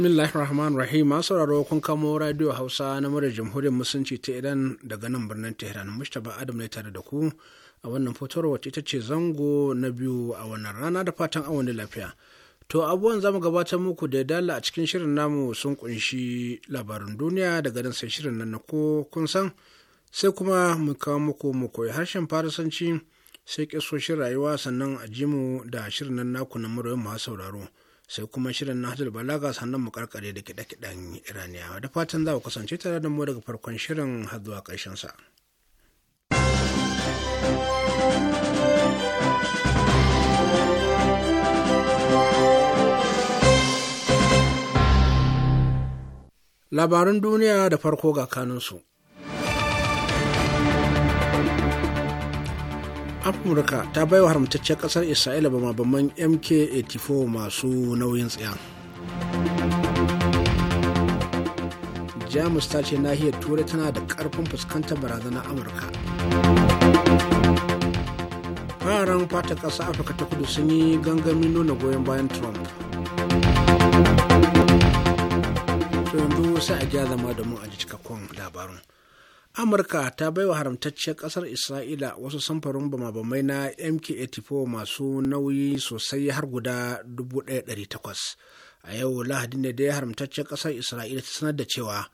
bismillahir rahman rahim sauraro kun kamo radio hausa na murar jamhuriyar musulunci ta iran daga nan birnin tehran mustapha adam ne tare da ku a wannan fotowar wacce ita ce zango na biyu a wannan rana da fatan awon lafiya to abubuwan zamu gabatar muku da dala a cikin shirin namu sun kunshi labarin duniya daga nan sai shirin nan na ko kun san sai kuma mu kawo muku mu koyi harshen farisanci sai kisoshin rayuwa sannan a ji mu da shirin nan naku na murayen masu sauraro sai kuma shirin na hajjar balaga sannan mu karkare da kiɗe-kiɗen iraniyawa da fatan za ku kasance tare da mu daga farkon shirin har zuwa ƙarshen sa. Labaran duniya da farko ga kanunsu. amurka ta baiwa haramtacciyar kasar isra'ila ma baman mk-84 masu nauyin tsaya jamus ta ce nahiyar turai tana da karfin fuskantar barazanar amurka fararen fata kasa afirka ta kudu sun yi gangami nuna goyon bayan trump to yanzu sai a gyara zama da mu a cikakkun labarin amurka ta bai wa haramtacciyar kasar isra'ila wasu samfurin bamabamai na mk-84 masu nauyi sosai har guda 1,800 a yau lahadi ne dai haramtacciyar kasar isra'ila ta sanar da cewa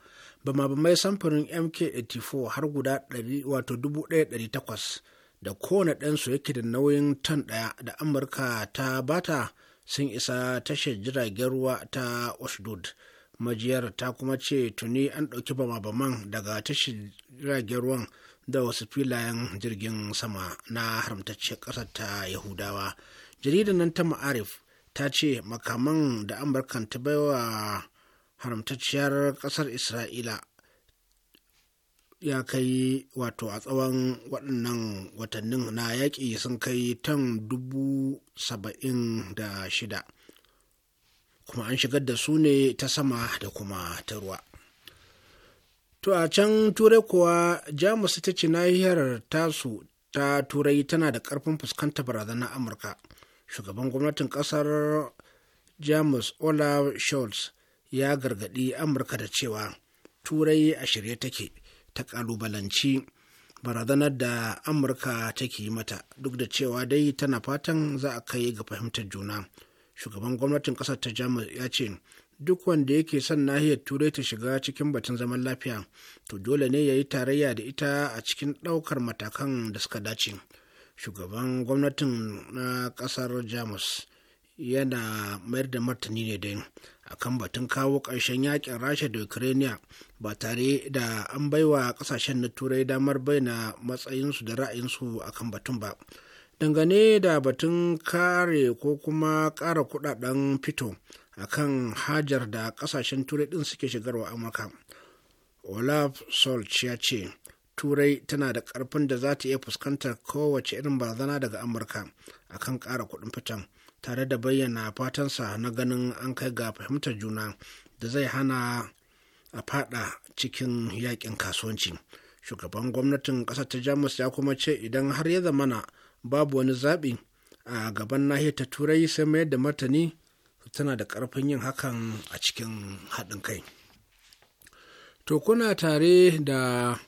bama-bamai samfarin mk-84 har guda 1,800 da kowane ɗansu yake da nauyin ton ɗaya da amurka ta bata sun isa tashar jiragen ruwa ta oshdod majiyar ta kuma ce tuni an ɗauki bama-baman daga tashin jiragen ruwan da wasu filayen jirgin sama na haramtacciyar ƙasar ta yahudawa jaridar nan ta ma'arif ta ce makaman da amurkan ta baiwa haramtacciyar ƙasar isra'ila ya kai wato a tsawon waɗannan watannin na yaƙi sun kai tan dubu saba'in da shida kuma an shigar da su ne ta sama da kuma ta ruwa to a can turai kuwa jamus ta ci nahiyar tasu ta turai tana da karfin fuskantar barazanar amurka shugaban gwamnatin kasar jamus olaf scholz ya gargadi amurka da cewa turai a shirye take ta kalubalanci barazanar da amurka take yi mata duk da cewa dai tana fatan za a kai ga fahimtar juna shugaban gwamnatin ƙasar ta jamus ya ce duk wanda yake son nahiyar turai ta shiga cikin batun zaman lafiya to dole ne ya yi tarayya da ita a cikin ɗaukar matakan da suka dace shugaban gwamnatin na ƙasar jamus yana mayar da martani ne dai kan batun kawo ƙarshen yakin rasha da ukraina ba tare da an baiwa ƙasashen na turai damar bayyana matsayinsu da ra'ayinsu akan batun ba dangane da batun kare ko kuma ƙara kudaden fito a kan hajar da ƙasashen turai ɗin suke shigarwa amurka olaf solch ya ce turai tana da ƙarfin da za ta iya fuskantar kowace irin barazana daga amurka akan ƙara kuɗin fitan tare da bayyana fatansa na ganin an kai ga fahimtar juna da zai hana a fada cikin yakin kasuwanci shugaban gwamnatin ƙasar ta jamus ya kuma ce idan har ya zamana babu wani zaɓi a gaban nahiyar ta turai sai mayar da martani tana da ƙarfin yin hakan a cikin haɗin kai to kuna tare da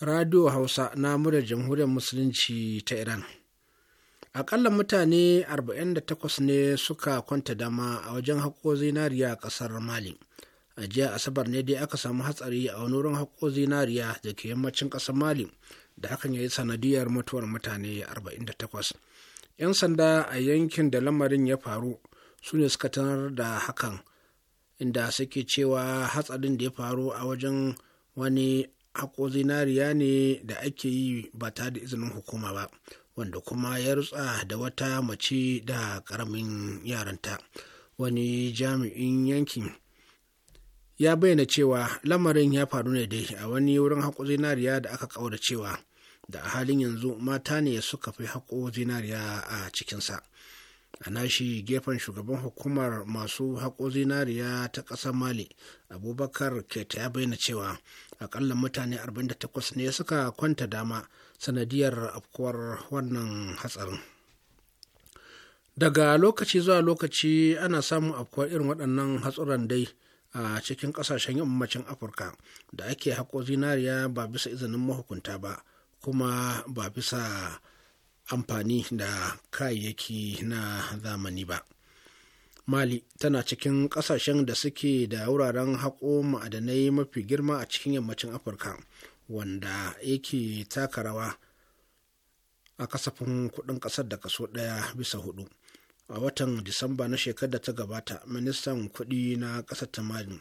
radio hausa na murar jamhuriyar musulunci ta iran akalla mutane 48 ne suka kwanta dama a wajen haƙo zinariya a ƙasar mali a jiya asabar ne dai aka samu hatsari a wani wurin haƙo zinariya da ke yammacin ƙasar mali da hakan ya yi sanadiyar mutuwar mutane 48 'yan sanda a yankin da lamarin ya faru su ne suka tanar da hakan inda suke cewa hatsarin da ya faru a wajen wani hako zinariya ne da ake yi ba tare da izinin hukuma ba wanda kuma ya rutsa da wata mace da karamin yaranta wani jami'in yankin ya bayyana cewa lamarin ya faru ne dai a wani wurin haƙo zinariya da aka ƙaura cewa da a halin yanzu mata ne suka fi haƙo zinariya a cikinsa a nashi gefen shugaban hukumar masu haƙo zinariya ta ƙasar mali abubakar keta ya bayyana cewa akalla mutane 48 ne suka kwanta dama sanadiyar afkuwar wannan hatsarin daga lokaci zuwa lokaci ana samun afkuwar irin waɗannan hatsuran dai a cikin ƙasashen yammacin afirka da ake haƙo zinariya ba bisa izinin mahukunta ba kuma ba bisa amfani da kayayyaki na zamani ba mali tana cikin ƙasashen da suke da wuraren haƙo ma'adanai mafi girma a cikin yammacin afirka wanda yake taka rawa a kasafin kuɗin ƙasar da kaso ɗaya bisa hudu a watan disamba na shekarar da ta gabata ministan kuɗi na ƙasar tamarin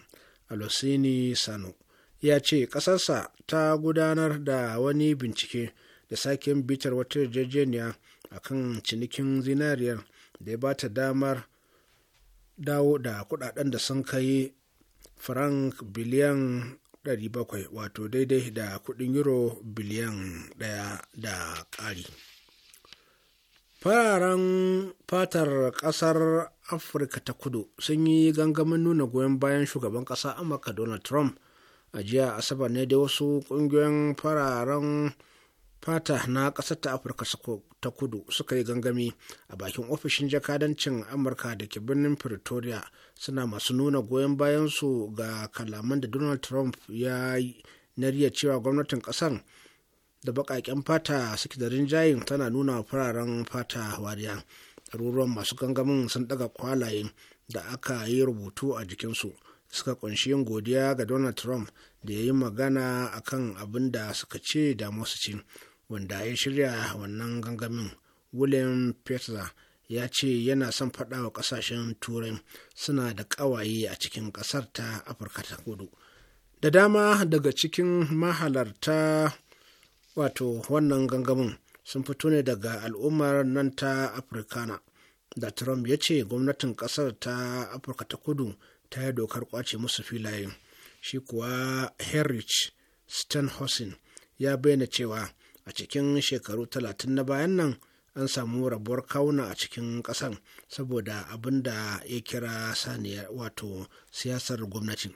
alosini sano ya ce ƙasarsa ta gudanar da wani bincike da sake bitar wata yarjejeniya a kan cinikin zinariyar da ya bata damar dawo da kudaden da sun kai frank biliyan 700 wato daidai da kudin euro biliyan 1 da ƙari. fararen fatar ƙasar afirka ta kudu sun yi gangamin nuna goyon bayan shugaban ƙasa amurka donald trump a jiya asabar ne da wasu ƙungiyoyin fararen fata na ƙasar ta afirka ta kudu suka yi gangami a bakin ofishin jakadancin amurka da ke birnin pretoria suna masu nuna goyon bayansu ga kalaman da donald trump ya yi na cewa gwamnatin ƙasar da baƙaƙen fata suke da rinjayen tana nuna fararen fata wariya ruruwan masu gangamin sun ɗaga kwalayen da aka yi rubutu a jikinsu suka kunshi yin godiya ga donald trump da ya yi magana akan abin da suka ce da masu ci wanda ya shirya wannan gangamin william petra ya ce yana son faɗawa wa ƙasashen turai suna da ƙawaye a cikin ƙasar ta afirka ta kudu da dama daga cikin mahalarta wato wannan gangamin sun fito ne daga al'ummar nan ta afirkana da trump ya ce gwamnatin kasar ta afirka ta kudu ta yi dokar kwace musu filayen shi kuwa henrich stenhausen ya bayyana cewa a cikin shekaru talatin na bayan nan an samu rabuwar kawuna a cikin ƙasan saboda abin da ya kira saniya wato siyasar gwamnatin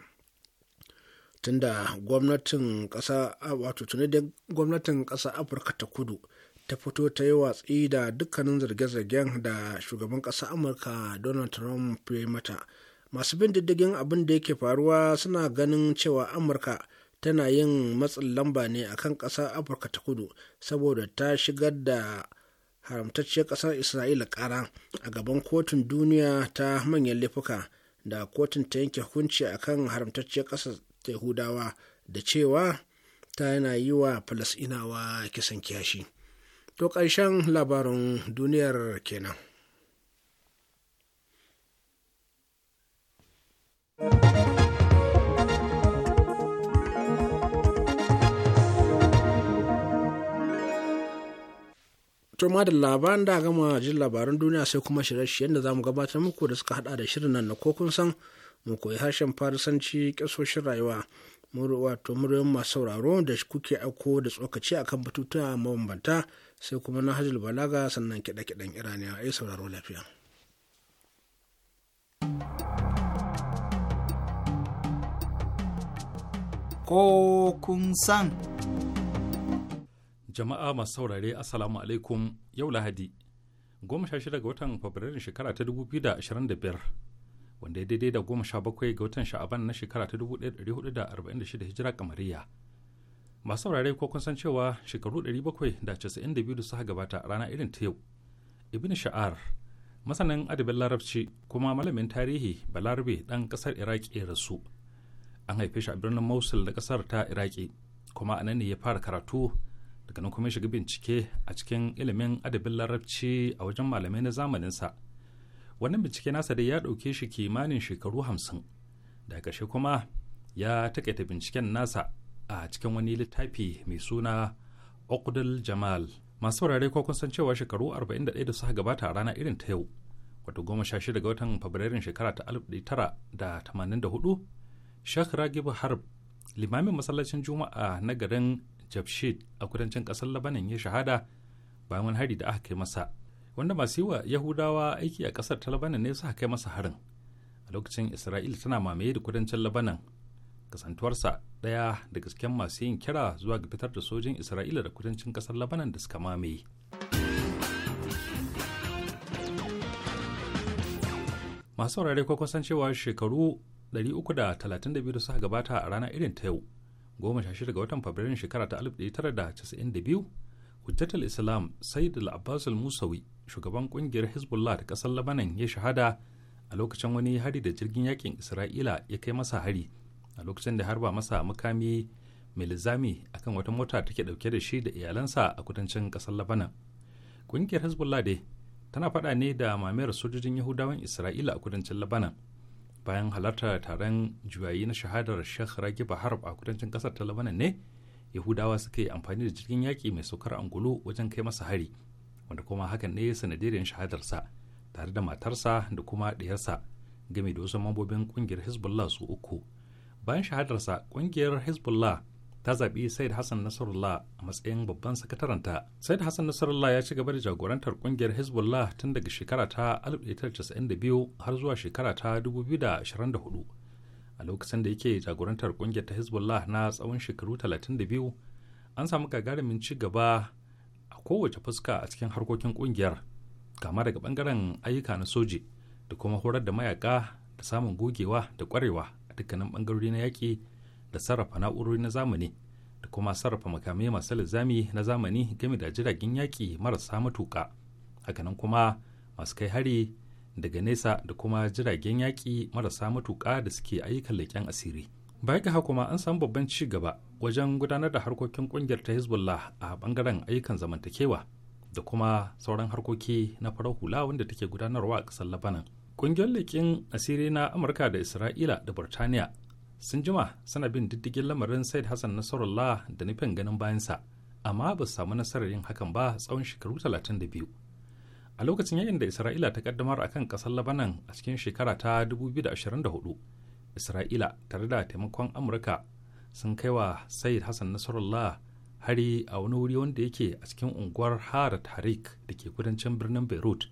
tunda gwamnatin ƙasa wato tuni da gwamnatin ƙasa afirka ta kudu ta fito ta yi watsi da dukkanin zarge-zargen da shugaban ƙasa amurka donald trump ya mata masu bin diddigin abin da yake faruwa suna ganin cewa amurka tana yin matsin lamba ne akan ƙasa afirka ta kudu saboda ta shigar da haramtacciyar ƙasar isra'ila ƙara a gaban kotun duniya ta manyan laifuka da kotun ta yanke hukunci akan haramtacciyar ƙasar ta Yahudawa da cewa ta yana yi wa Falasɗinawa kisan kiyashi. To ƙarshen labarin duniyar kenan. turma da labaran da gama jin labaran duniya sai kuma shirye-shiryen da za mu gabatar muku da suka hada da shirin nan na ko kun san mu koyi harshen farisanci ƙasoshin rayuwa wato muryoyin masu sauraro da kuke aiko da tsokaci akan batutuwa mabambanta sai kuma na hajjul balaga sannan kiɗe-kiɗen iraniya a sauraro lafiya. Ko kun san. Jama'a masu saurare Assalamu alaikum yau Lahadi, goma sha shida ga watan Fabrairun shekara ta dubu da ashirin da biyar. wanda ya daidai da goma sha bakwai ga watan sha'aban na shekara ta shida hijira kamariya masu saurare ko kun san cewa shekaru ɗari bakwai da da suka gabata a rana irin ta yau ibn sha'ar masanin adabin larabci kuma malamin tarihi balarabe ɗan ƙasar iraki ya rasu an haife shi a birnin mosul da kasar ta iraki kuma a nan ne ya fara karatu daga nan kuma shiga bincike a cikin ilimin adabin larabci a wajen malamai na zamaninsa wannan bincike nasa dai ya ɗauke shi kimanin shekaru hamsin da ƙarshe kuma ya taƙaita binciken nasa a cikin wani littafi mai suna okudal jamal masu wurare ko kun san cewa shekaru 41 da suka gabata a rana irin ta yau wato goma sha shida ga watan fabrairun shekara ta 1984 shek ragib harb limamin masallacin juma'a na garin jabshid a kudancin kasar labanin ya shahada bayan wani hari da aka kai masa wanda masu yi yahudawa aiki a kasar ta labanan ne suka kai masa harin a lokacin isra'ila tana mamaye da kudancin labanan kasantuwarsa daya daga cikin masu yin kira zuwa ga fitar da sojin isra'ila da kudancin kasar labanan da suka mamaye masu saurare ko kusan cewa shekaru 332 da suka gabata a rana irin ta yau 16 ga watan fabrairun shekara ta 1992 hujjatul islam sayyid al-abbas al-musawi shugaban kungiyar hezbollah da kasar labanan ya shahada a lokacin wani hari da jirgin yakin isra'ila ya kai masa hari a lokacin da harba masa mukami mai lizami akan wata mota take dauke da shi da iyalansa a kudancin kasar labanan kungiyar hezbollah dai tana fada ne da mamayar sojojin yahudawan isra'ila a kudancin labanan bayan halartar taron juyayi na shahadar sheikh ragib harb a kudancin kasar ta labanan ne yahudawa suka yi amfani da jirgin yaƙi mai saukar angulo wajen kai masa hari wanda kuma hakan ne sanadiyar shahadarsa tare da matarsa da kuma ɗiyarsa game da wasu mambobin ƙungiyar hezbollah su uku bayan shahadarsa ƙungiyar hezbollah ta zaɓi said hassan nasarullah a matsayin babban sakataranta said hassan nasarullah ya ci gaba da jagorantar ƙungiyar hezbollah tun daga shekara ta 1992 har zuwa shekara ta 2024 a lokacin da yake jagorantar kungiyar ta hezbollah na tsawon shekaru 32 an samu gagarumin ci gaba a kowace fuska a cikin harkokin kungiyar kama daga bangaren ayyuka na soji da kuma horar da mayaka da samun gogewa da kwarewa a dukkanin bangarori na yaƙi da sarrafa na'urori na zamani da kuma sarrafa makamai masu linzami na zamani game da jiragen yaƙi marasa matuƙa hakanan kuma masu kai hari daga nesa da kuma jiragen yaƙi marasa matuƙa da suke ayyukan leƙen asiri bayan ga kuma an samu babban ci gaba wajen gudanar da harkokin ƙungiyar ta hezbollah a bangaren ayyukan zamantakewa da kuma sauran harkoki na farar hula wanda take gudanarwa a ƙasar labanan ƙungiyar leƙen asiri na amurka da isra'ila da burtaniya sun jima suna bin diddigin lamarin said hassan nasarallah da nufin ganin bayansa amma ba su samu nasarar yin hakan ba tsawon shekaru talatin da biyu. a lokacin yayin da isra'ila ta kaddamar akan kasar labanan a cikin shekara ta 2024 isra'ila tare da taimakon amurka sun kai wa sayid hassan nasarallah hari a wani wuri wanda yake a cikin unguwar harat tarik da ke kudancin birnin beirut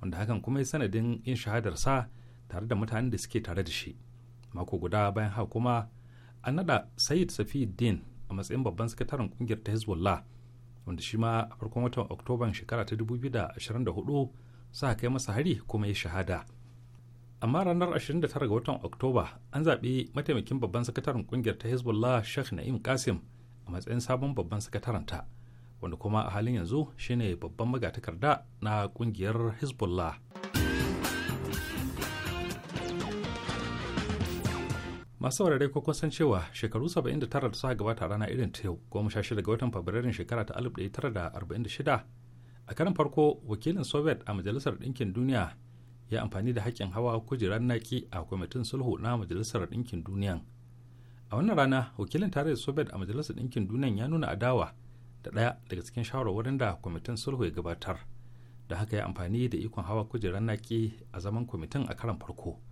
wanda hakan kuma ya sanadin yin shahadarsa tare da mutanen da suke tare da shi mako guda bayan haka kuma an nada sayid safi din a matsayin babban sakataren kungiyar ta hezbollah wanda shi ma a farkon watan oktoban shekara ta 2024 sa kai masa hari kuma ya shahada amma ranar 29 ga watan oktoba an zaɓi mataimakin babban sakataren kungiyar ta hezbollah sheikh na'im kasim a matsayin sabon babban sakataren ta wanda kuma a halin yanzu shine babban magatakarda na kungiyar hezbollah masu saurare ko kusan cewa shekaru 79 da suka gabata rana irin ta yau goma sha shida ga watan fabrairun shekara ta 1946 a karin farko wakilin soviet a majalisar dinkin duniya ya amfani da hakkin hawa kujerar naki a kwamitin sulhu na majalisar ɗinkin duniya a wannan rana wakilin tarayyar soviet a majalisar ɗinkin duniya ya nuna adawa da ɗaya daga cikin shawarwarin da kwamitin sulhu ya gabatar da haka ya amfani da ikon hawa kujerar naki a zaman kwamitin a karan farko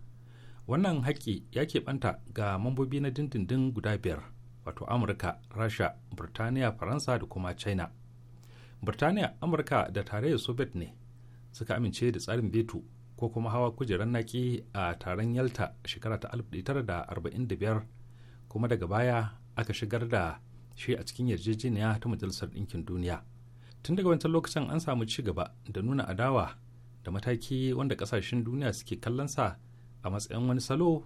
wannan haƙƙi ya keɓanta ga mambobi na dindindin guda biyar wato amurka rasha burtaniya faransa da kuma china burtaniya amurka da tarayyar soviet ne suka amince da tsarin veto ko kuma hawa kujerar naki a taron yalta shekara ta 1945 kuma daga baya aka shigar da shi a cikin yarjejeniya ta majalisar ɗinkin duniya tun daga wancan lokacin an samu ci gaba da nuna adawa da mataki wanda ƙasashen duniya suke kallon sa. a matsayin wani salo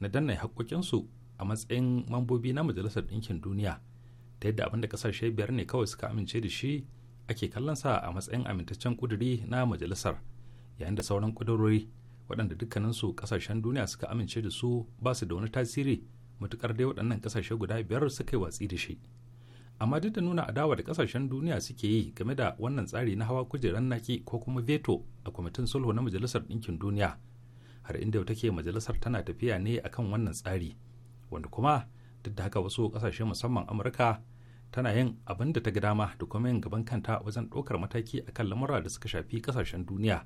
na danne haƙoƙinsu a matsayin mambobi na majalisar ɗinkin duniya ta yadda abinda ƙasashe biyar ne kawai suka amince da shi ake kallon sa a matsayin amintaccen ƙuduri na majalisar yayin da sauran ƙudurori waɗanda dukkaninsu ƙasashen duniya suka amince da su ba su da wani tasiri matuƙar dai waɗannan ƙasashe guda biyar suka yi watsi da shi amma duk da nuna adawa da ƙasashen duniya suke yi game da wannan tsari na hawa kujeran naki ko kuma veto a kwamitin sulhu na majalisar ɗinkin duniya har inda take majalisar tana tafiya ne akan wannan tsari wanda kuma duk da haka wasu kasashe musamman amurka tana yin abin da ta ga dama da kuma yin gaban kanta wajen ɗaukar mataki akan lamura da suka shafi kasashen duniya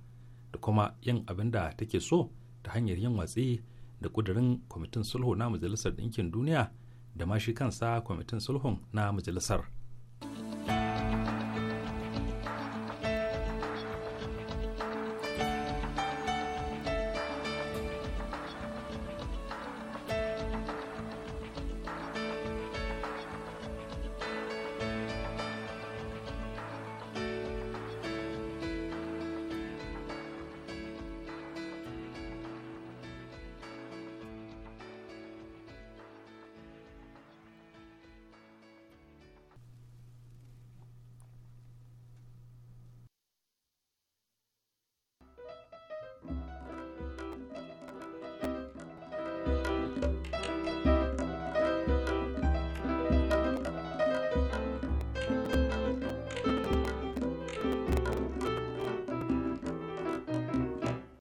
da kuma yin abin da take so ta hanyar yin watsi da kudirin kwamitin sulhu na majalisar ɗinkin duniya da ma shi kansa kwamitin sulhun na majalisar.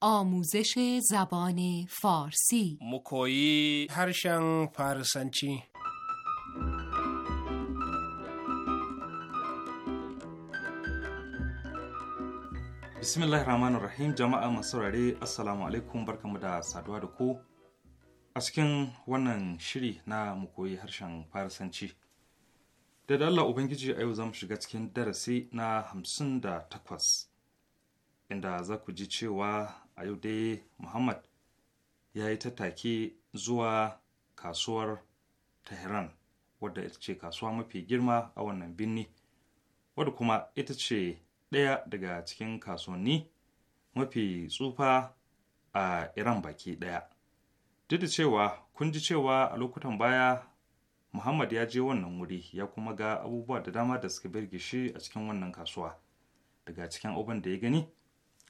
آموزش زبان فارسی مکویی harshen فارسنچی bismillahir rahmanir rahim jama'a masu saurare assalamu alaikum barkamu da saduwa da ku a wannan shiri na mu koyi harshen farisanci da Allah ubangiji a yau zamu shiga cikin darasi na hamsin da takwas inda za ku ji cewa a yau dai Muhammad ya yi ta take zuwa kasuwar Tehran wadda ita ce kasuwa mafi girma a wannan birni wadda kuma ita ce ɗaya daga cikin kasuwanni mafi tsufa a Iran baki ɗaya. Duk da cewa kun ji cewa a lokutan baya Muhammad ya je wannan wuri ya kuma ga abubuwa da dama da suka birge shi a cikin wannan kasuwa. Daga cikin abin da ya gani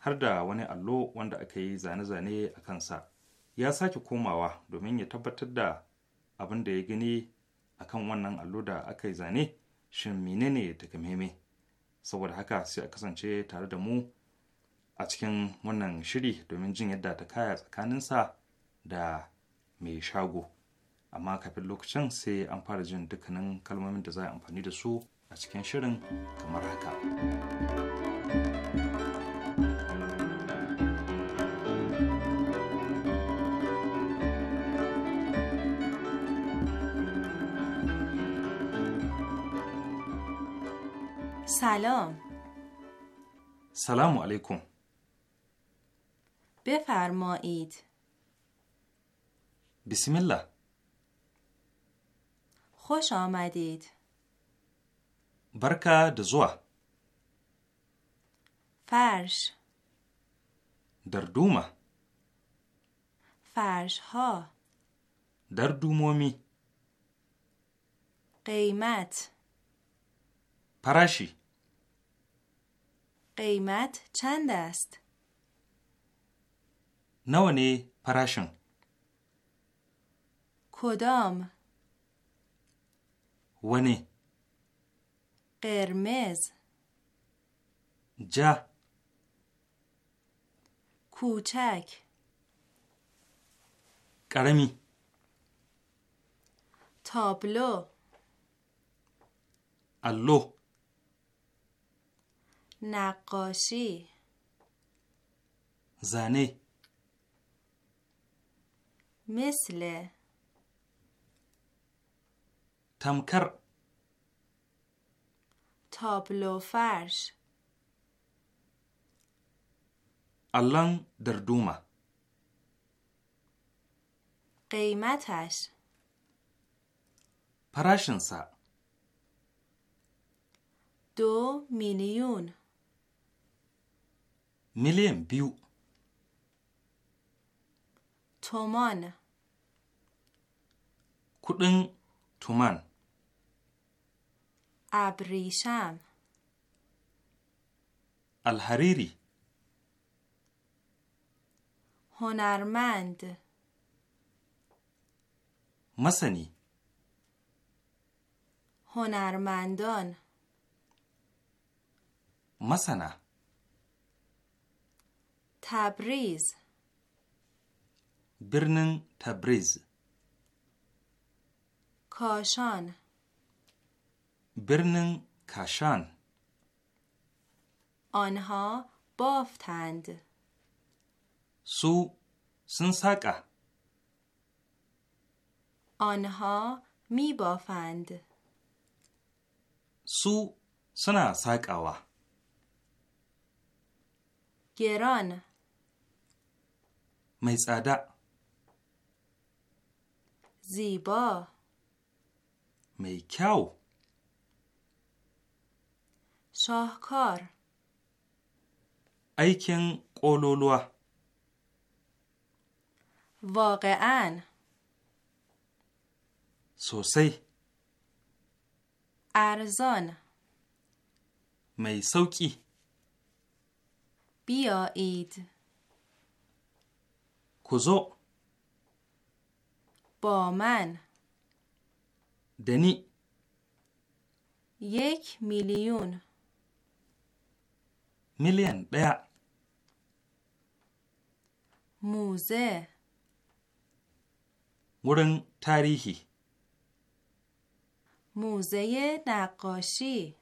har da wani allo wanda aka yi zane-zane a kansa ya sake komawa domin ya tabbatar da abin da ya gani a kan wannan allo da aka yi zane shin menene takamaime saboda haka sai a kasance tare da mu a cikin wannan shiri domin jin yadda ta kaya tsakaninsa da mai shago amma kafin lokacin sai an fara jin dukkanin kalmomin da za a amfani da su a cikin shirin kamar haka. سلام سلام علیکم بفرمایید بسم الله خوش آمدید برکه دزوه فرش در دومه فرش ها در دومومی قیمت پراشی. قیمت چند است؟ نوانی پرشن کدام ونی قرمز جه کوچک کرمی تابلو الو نقاشی زنه مثل تمکر تابلو فرش الان در دومه قیمتش پرشنسه دو میلیون میلیم بیو تومان کدن تومان ابریشم الحریری هنرمند مسنی هنرمندان مسنه تبریز برنن تبریز کاشان برنن کاشان آنها بافتند سو سنساقه آنها می بافند سو سنا ساقاوا گران mai tsada زیبا mai kyau Sokor. aikin ƙololuwa واقعا sosai Arzon. mai sauƙi بیایید کزو با من دنی یک میلیون میلیون بیا موزه مورن تاریخی موزه نقاشی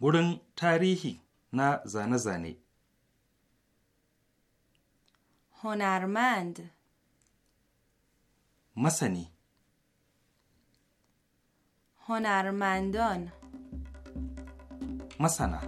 ورن تاریخی نه زنه زنی هنرمند مسنی هنرمندان مسنا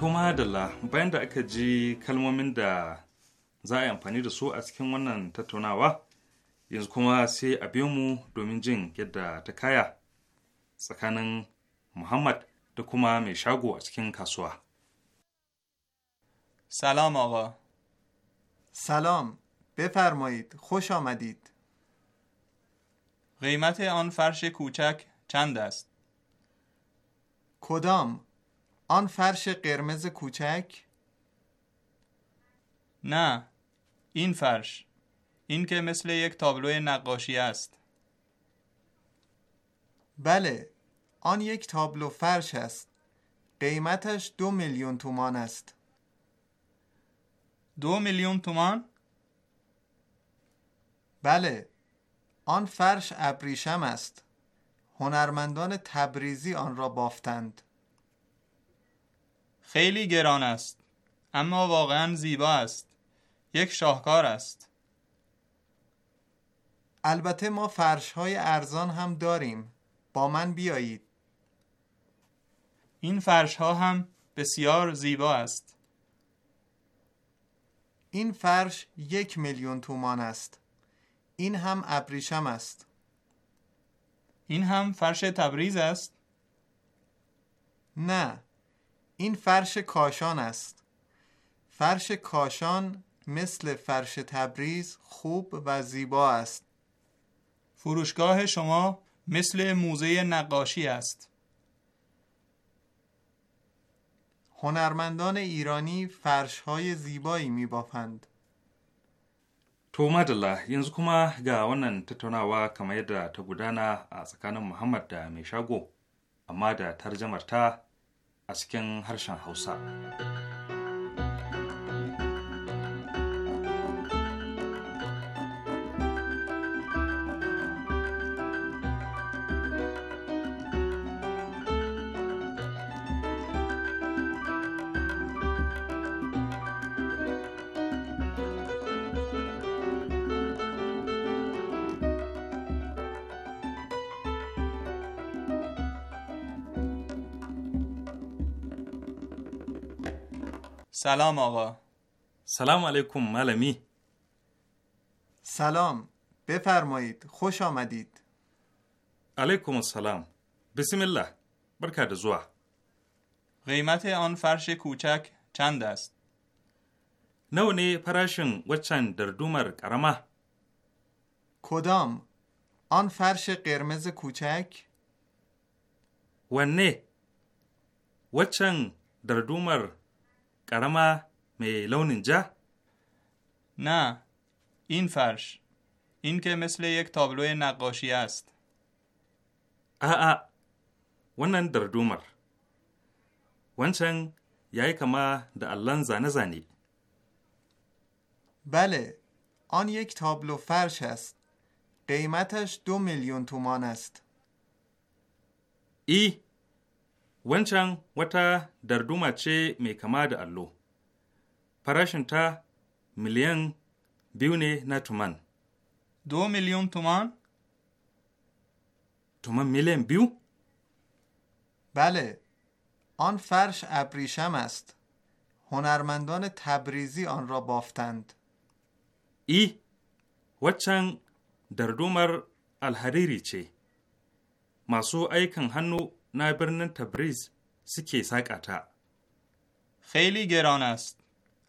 To madalla bayan da aka ji kalmomin da za a yi amfani da su a cikin wannan tattaunawa yanzu kuma sai a biyo mu domin jin yadda ta kaya tsakanin muhammad da kuma mai shago a cikin kasuwa سلام آقا سلام بفرمایید خوش آمدید قیمت آن فرش کوچک چند است؟ کدام؟ آن فرش قرمز کوچک؟ نه این فرش این که مثل یک تابلو نقاشی است بله آن یک تابلو فرش است قیمتش دو میلیون تومان است دو میلیون تومان؟ بله آن فرش ابریشم است هنرمندان تبریزی آن را بافتند خیلی گران است اما واقعا زیبا است یک شاهکار است البته ما فرش های ارزان هم داریم با من بیایید این فرش ها هم بسیار زیبا است این فرش یک میلیون تومان است این هم ابریشم است این هم فرش تبریز است نه این فرش کاشان است فرش کاشان مثل فرش تبریز خوب و زیبا است فروشگاه شما مثل موزه نقاشی است هنرمندان ایرانی فرش های زیبایی می بافند. To madalla yanzu kuma ga wannan tattaunawa kamar yadda ta gudana a tsakanin Muhammad da mai shago, amma da tarjamar ta Hausa. سلام آقا سلام علیکم معلمی سلام بفرمایید خوش آمدید علیکم السلام بسم الله برکت زوا قیمت آن فرش کوچک چند است نونی نه وچن در دومر گرمه کدام آن فرش قرمز کوچک و نه وچن در دومر قرمه می لون نه این فرش این که مثل یک تابلو نقاشی است آ wannan dardumar wancan ya یای کما da allon زانه زانی بله آن یک تابلو فرش است قیمتش دو میلیون تومان است ای Wancan wata darduma ce mai kama da allo, farashinta miliyan biyu ne na tuman. Do miliyan tuman? Tuman miliyan biyu? Bale, an farsh abrisham ast, hunarmandan tabrizi an ra baftand. I, dardumar alhariri ce, masu aikin hannu نایبرن تبریز سکه ساقاتا خیلی گران است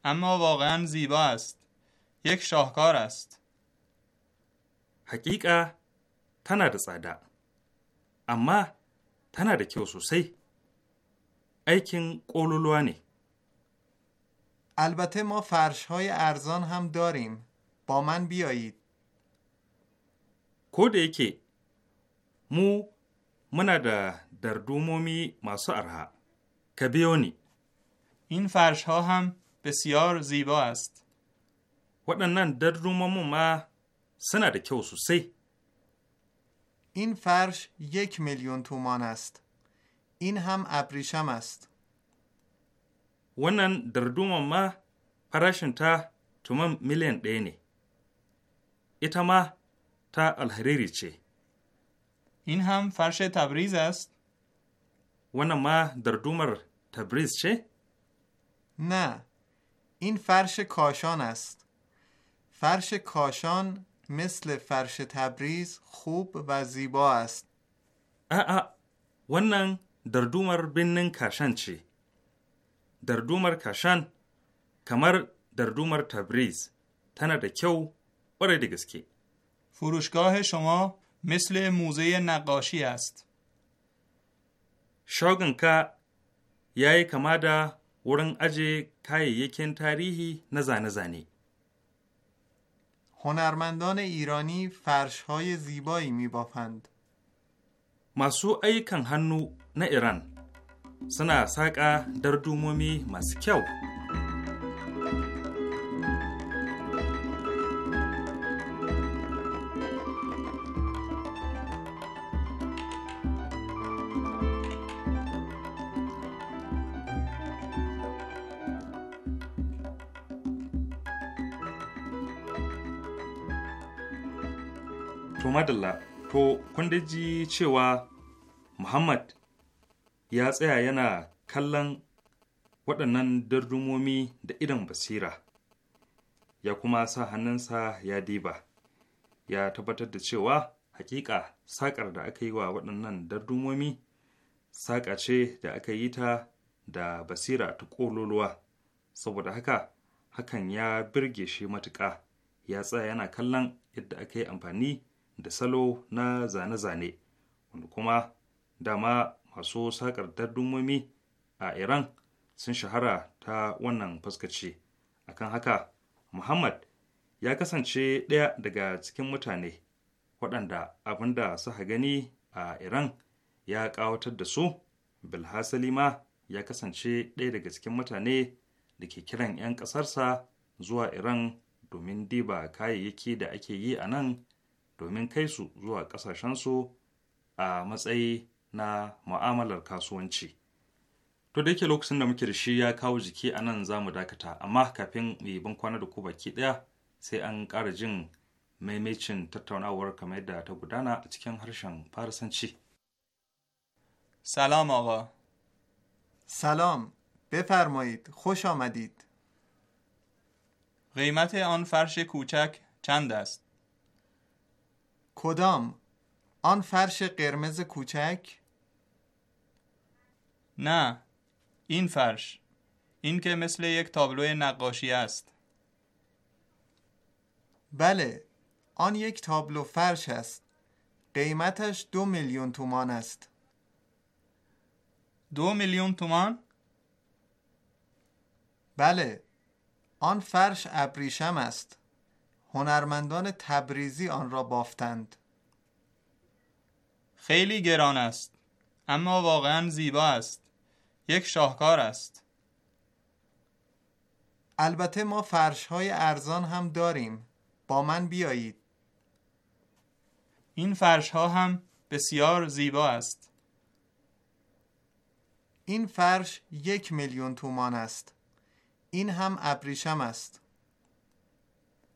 اما واقعا زیبا است یک شاهکار است حقیقا تانا دصادا اما تانا کیو سوسی ایکن البته ما فرش های ارزان هم داریم با من بیایید کود یکه مو muna da arha ka biyo ni in farsh ha ham besiyar زیبا ast waɗannan dardumomin ma suna da kyau sosai. این فرش یک میلیون تومان است. این هم ابریشم است. wannan darduman ma farashinta tuman miliyan ɗaya ne, ita ma ta alhariri ce. این هم فرش تبریز است؟ ون ما در دومر تبریز چه؟ نه این فرش کاشان است فرش کاشان مثل فرش تبریز خوب و زیبا است اه اه، ونن در دومر بینن کاشان چی؟ در دومر کاشان کمر در دومر تبریز تنه ده کیو برای فروشگاه شما مثل موزه نقاشی است. شاگن یا یای کمادا ورن کای یکن تاریخی نزانه زنی. هنرمندان ایرانی فرش های زیبایی می بافند. ای کن هنو نه ایران سنا ساقا دردومومی ماسکیو. madalla, to kun ji cewa Muhammad ya tsaya yana kallon waɗannan dardumomi da idan basira, ya kuma sa hannunsa ya diba, ya tabbatar da cewa hakika saƙar da aka yi wa waɗannan dardumomi saƙa ce da aka yi ta da basira ta ƙololuwa, saboda haka hakan ya birge shi matuƙa, ya tsaya yana kallon yadda aka yi amfani da salo na zane-zane wanda kuma dama masu sakar dardumomi a iran sun shahara ta wannan faskace akan haka muhammad ya kasance ɗaya daga cikin mutane waɗanda abin da suka gani a iran ya ƙawatar da su bilhassali ma ya kasance ɗaya daga cikin mutane da ke kiran 'yan ƙasarsa zuwa iran domin diba kayayyaki da ake yi a nan domin kai su zuwa su a matsayi na mu'amalar kasuwanci. To da yake lokacin da muke da shi ya kawo jiki a nan za mu dakata, amma kafin mu yi kwana da ku baki ɗaya sai an ƙara jin maimacin tattaunawar kamar yadda ta gudana a cikin harshen Farisanci. Salam آقا Salam, بفرمایید خوش آمدید قیمت آن فرش کوچک چند است کدام آن فرش قرمز کوچک نه این فرش این که مثل یک تابلو نقاشی است بله آن یک تابلو فرش است قیمتش دو میلیون تومان است دو میلیون تومان؟ بله آن فرش ابریشم است هنرمندان تبریزی آن را بافتند خیلی گران است اما واقعا زیبا است یک شاهکار است البته ما فرش های ارزان هم داریم با من بیایید این فرش ها هم بسیار زیبا است این فرش یک میلیون تومان است این هم ابریشم است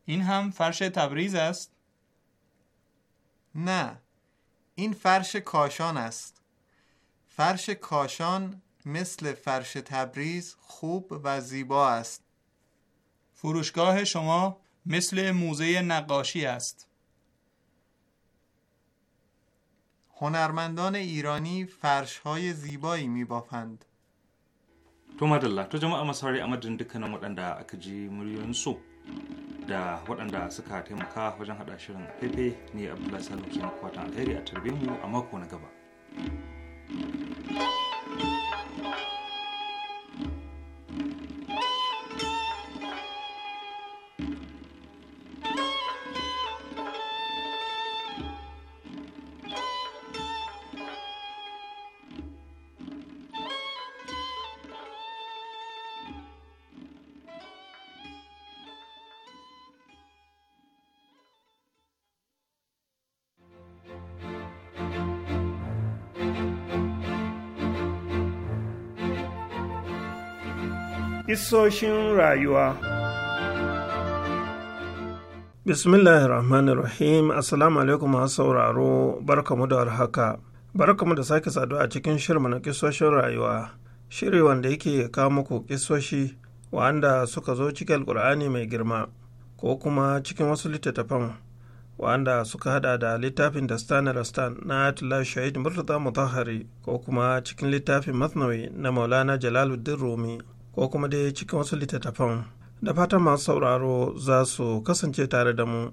این هم فرش تبریز است؟ نه این فرش کاشان است فرش کاشان مثل فرش تبریز خوب و زیبا است فروشگاه شما مثل موزه نقاشی است هنرمندان ایرانی فرش های زیبایی می بافند تو مدلله تو اما مدنده اکجی سو da waɗanda suka taimaka wajen haɗa shirin fefe ne abdullahi salim ke kwatan alheri a tarbe mu a mako na gaba thank you Isoshin rayuwa Bismillahirrahmanirrahim Rahmanir Rahim Assalamu alaikum masu sauraro barkamu da warhaka barkamu da sake saduwa a cikin shirma na kisoshin rayuwa shiri wanda yake kawo muku kisoshi wa'anda suka zo cikin alkur'ani mai girma ko kuma cikin wasu littattafan wanda suka hada da littafin da stan na atila shahid murtaza mutahari ko kuma cikin littafin masnawi na maulana jalaluddin rumi ko kuma dai cikin wasu littattafan da fatan masu sauraro za su kasance tare da mu.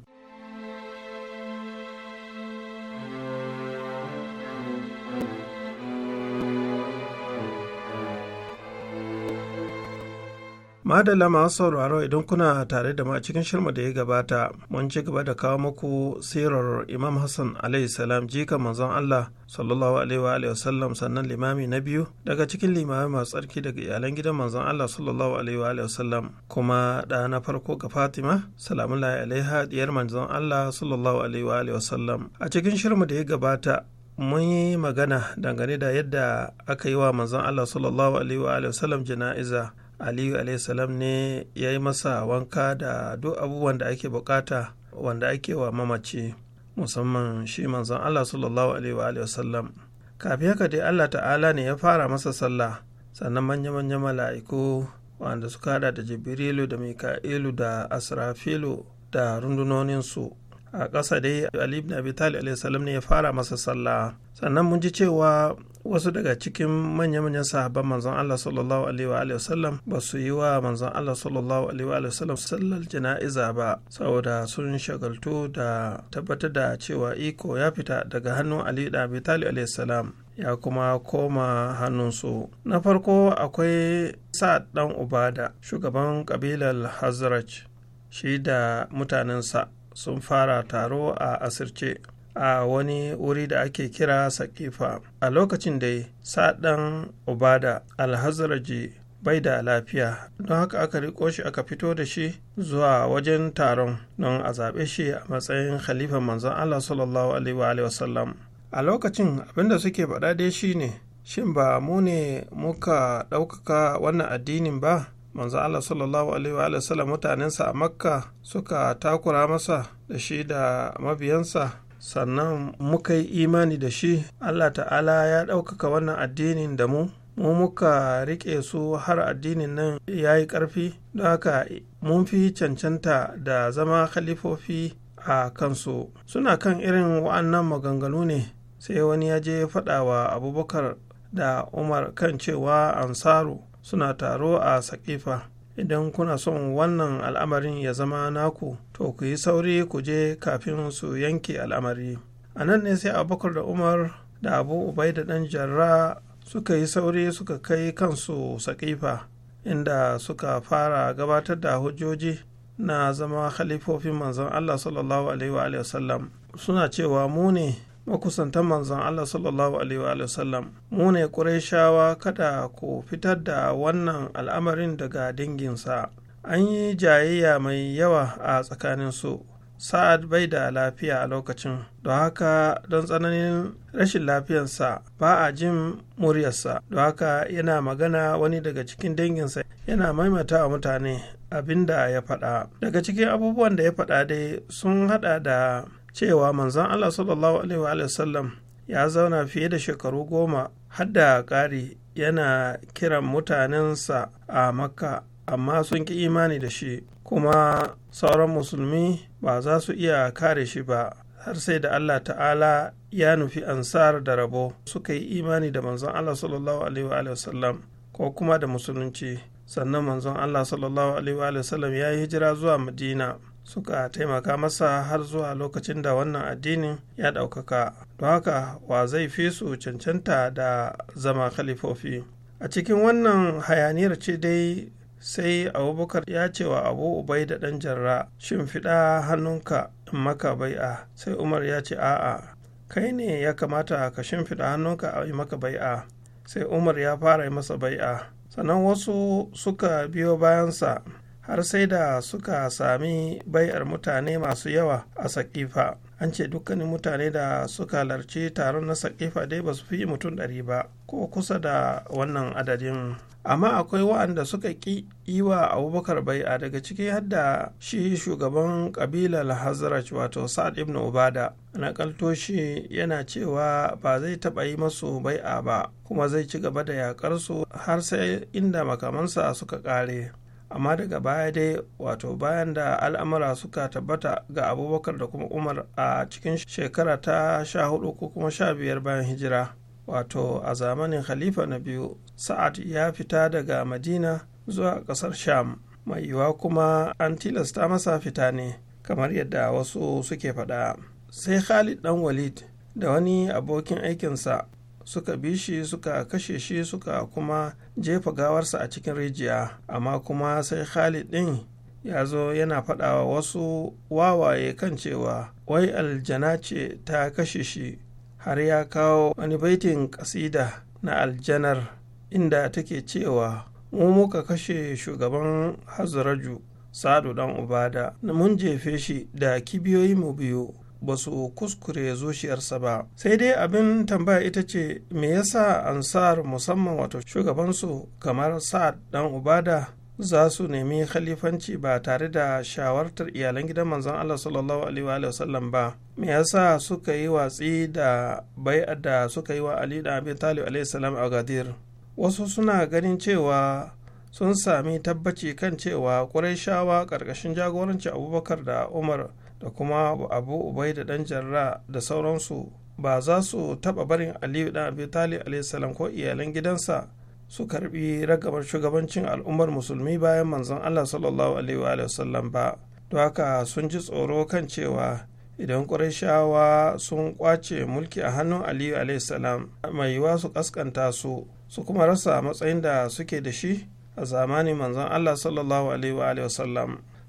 madalla masu sauraro idan kuna tare da ma cikin shirma da ya gabata mun ci gaba da kawo muku sirar imam hassan alaihi salam jikan manzon allah sallallahu alaihi wa wasallam sannan limami na biyu daga cikin limami masu tsarki daga iyalan gidan manzon allah sallallahu alaihi wa wasallam kuma da na farko ga fatima salamullahi alaiha diyar manzon allah sallallahu alaihi wa wasallam a cikin shirma da ya gabata mun yi magana dangane da yadda aka yi wa manzon Allah sallallahu alaihi wa wasallam jana'iza aliyu salam ne ya yi masa wanka da duk abubuwan da ake bukata wanda ake wa mamaci musamman shi manzon allah sallallahu alaihi wasallam kafin haka dai allah ta'ala ne ya fara masa sallah sannan manya manya mala'iku wanda suka hada da jibrilu da mika'ilu da asrafilu da rundunoninsu a ƙasa dai ali ibn abi talib salam ne ya fara masa sallah sannan mun ji cewa wasu daga cikin manya-manyan sahabban manzon Allah sallallahu alaihi wa wasallam ba su yi wa manzon Allah sallallahu alaihi wa wasallam sallar jana'iza ba saboda sun shagaltu da tabbatar da cewa iko ya fita daga hannun Ali da Abi Talib alaihi salam ya kuma koma hannunsu na farko akwai sa'ad dan ubada shugaban kabilar hazraj shi da mutanensa sun fara taro a asirce a wani wuri da ake kira sakifa a lokacin dai saɗan obada alhazraji bai da lafiya don haka aka riko shi aka fito da shi zuwa wajen taron don a zaɓe shi a matsayin khalifa manzon allah sallallahu alaihi wasallam a lokacin abinda suke faɗa shi ne. shin ba mu ne muka ɗaukaka wannan addinin ba manzo Allah sallallahu alaihi wa sallam mutanensa a makka suka takura masa da shi da mabiyansa sannan muka yi imani da shi Allah ta'ala ya ɗaukaka wannan addinin da mu mu muka riƙe su har addinin nan ya yi ƙarfi don haka mun fi cancanta da zama khalifofi a kansu suna kan irin wa'annan maganganu ne sai wani ya je faɗawa abubakar da umar kan cewa ansaru suna taro a sakifa idan kuna son wannan al'amarin ya zama naku to ku yi sauri ku je kafin su yanke al'amari a nan ne sai abubakar da umar da abu ubai da dan jarra suka yi sauri suka kai kansu sakifa inda suka fara gabatar da hujjoji na zama khalifofin manzon allah sallallahu alaihi wa sallam suna cewa mu ne makusantan manzon Allah sallallahu alaihi sallam mu ne ƙureshawa kada ku fitar da wannan al'amarin daga dinginsa. an yi jayayya mai yawa a tsakaninsu sa'ad bai da lafiya a lokacin don haka don tsananin rashin lafiyarsa ba a jin muryarsa don haka yana magana wani daga cikin danginsa yana maimaita wa mutane abin da ya faɗa daga cikin abubuwan da ya faɗa dai sun haɗa da cewa manzon Allah sallallahu alaihi sallam ya zauna fiye da shekaru goma hadda ƙari yana kiran mutanensa a makka amma sun ki imani da shi kuma sauran musulmi ba za su iya kare shi ba har sai da Allah ta'ala ya nufi ansar da rabo suka yi imani da manzon Allah sallallahu alaihi sallam ko kuma da musulunci sannan manzon Allah sallallahu alaihi sallam ya yi hijira zuwa madina suka taimaka masa har zuwa lokacin da wannan addinin ya ɗaukaka don haka wa zai fi su cancanta da zama khalifofi a cikin wannan hayaniyar ce dai sai abubakar ya ce wa abu ubai da ɗan jarra Shin fiɗa hannunka in maka bai'a sai umar ya ce a'a kai ne ya kamata ka shimfiɗa hannunka a yi maka bai'a sai umar ya fara yi masa bai'a sannan wasu suka biyo bayansa har sai da suka sami bai'ar mutane masu yawa a sakifa an ce dukkanin mutane da suka halarci taron na sakifa dai ba su fi mutum ɗari ba ko kusa da wannan adadin amma akwai wa'anda suka ƙi yi wa abubakar bai'a daga ciki hadda shi shugaban ƙabilar hazraj wato sa'ad ibn obada na kalto shi yana cewa ba zai taɓa yi masu bai'a ba kuma zai ci gaba da yaƙarsu har sai inda makamansa suka ƙare amma daga baya dai wato bayan da al'amura suka tabbata ga abubakar da kuma umar a cikin shekara ta sha hudu ko kuma sha biyar bayan hijira wato a zamanin khalifa na biyu sa'ad ya fita daga madina zuwa kasar sham mai yiwuwa kuma an tilasta masa fita ne kamar yadda wasu suke faɗa sai khalid dan walid da wani abokin aikinsa suka bi shi suka kashe shi suka kuma jefa gawarsa a cikin rijiya amma kuma sai khalid ɗin ya zo yana faɗawa wasu wawaye kan cewa wai aljana ce ta kashe shi har ya kawo wani baitin ƙasida na aljanar inda take cewa mu muka kashe shugaban hazaraju sadu dan ubada mun jefe shi da kibiyoyi mu biyu ba su kuskure zuciyarsa ba sai dai abin tambaya ita ce me yasa ansar musamman wato shugabansu kamar sa'ad dan ubada za su nemi khalifanci ba tare da shawartar iyalan gidan manzon Allah sallallahu alaihi wa sallam ba me yasa suka yi watsi da bai'a da suka yi wa Ali da Abi Talib alaihi salam a Gadir wasu suna ganin cewa sun sami tabbaci kan cewa Qurayshawa ƙarƙashin jagoranci Abubakar da Umar da kuma abu ubai da ɗan jarra da sauransu ba za su taɓa barin aliyu ɗan abi talib alaihissalam ko iyalan gidansa su karbi ragabar shugabancin al'ummar musulmi bayan manzon allah sallallahu alaihi ba to haka sun ji tsoro kan cewa idan ƙurashawa sun ƙwace mulki a hannun aliyu alaihissalam mai yiwa su kaskanta su su kuma rasa matsayin da suke da shi a zamanin manzon allah sallallahu alaihi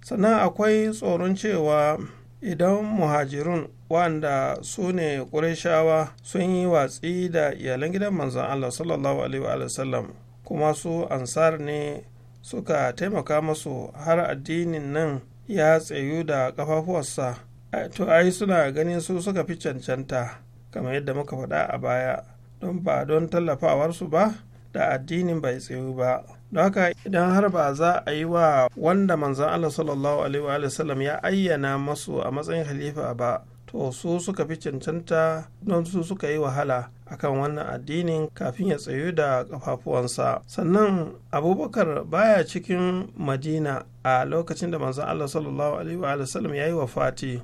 sannan akwai tsoron cewa idan muhajirun wanda su ne ƙurashawa sun yi watsi da iyalan gidan manzon Allah sallallahu alaihi wa kuma su ansar ne suka taimaka masu har addinin nan ya tsayu da ƙafafuwarsa to ai suna ganin su suka fi cancanta kamar yadda muka faɗa a baya don ba don tallafawarsu ba da addinin bai tsayu ba don haka idan har ba za a yi wa wanda manzan Allah sallallahu alaihi sallam ya ayyana masu a matsayin halifa ba to su suka fi cancanta don su suka yi wahala akan wannan addinin kafin ya tsayu da kafafuwansa sannan abubakar baya cikin madina a lokacin da manzan Allah sallallahu alaihi sallam ya yi wa fati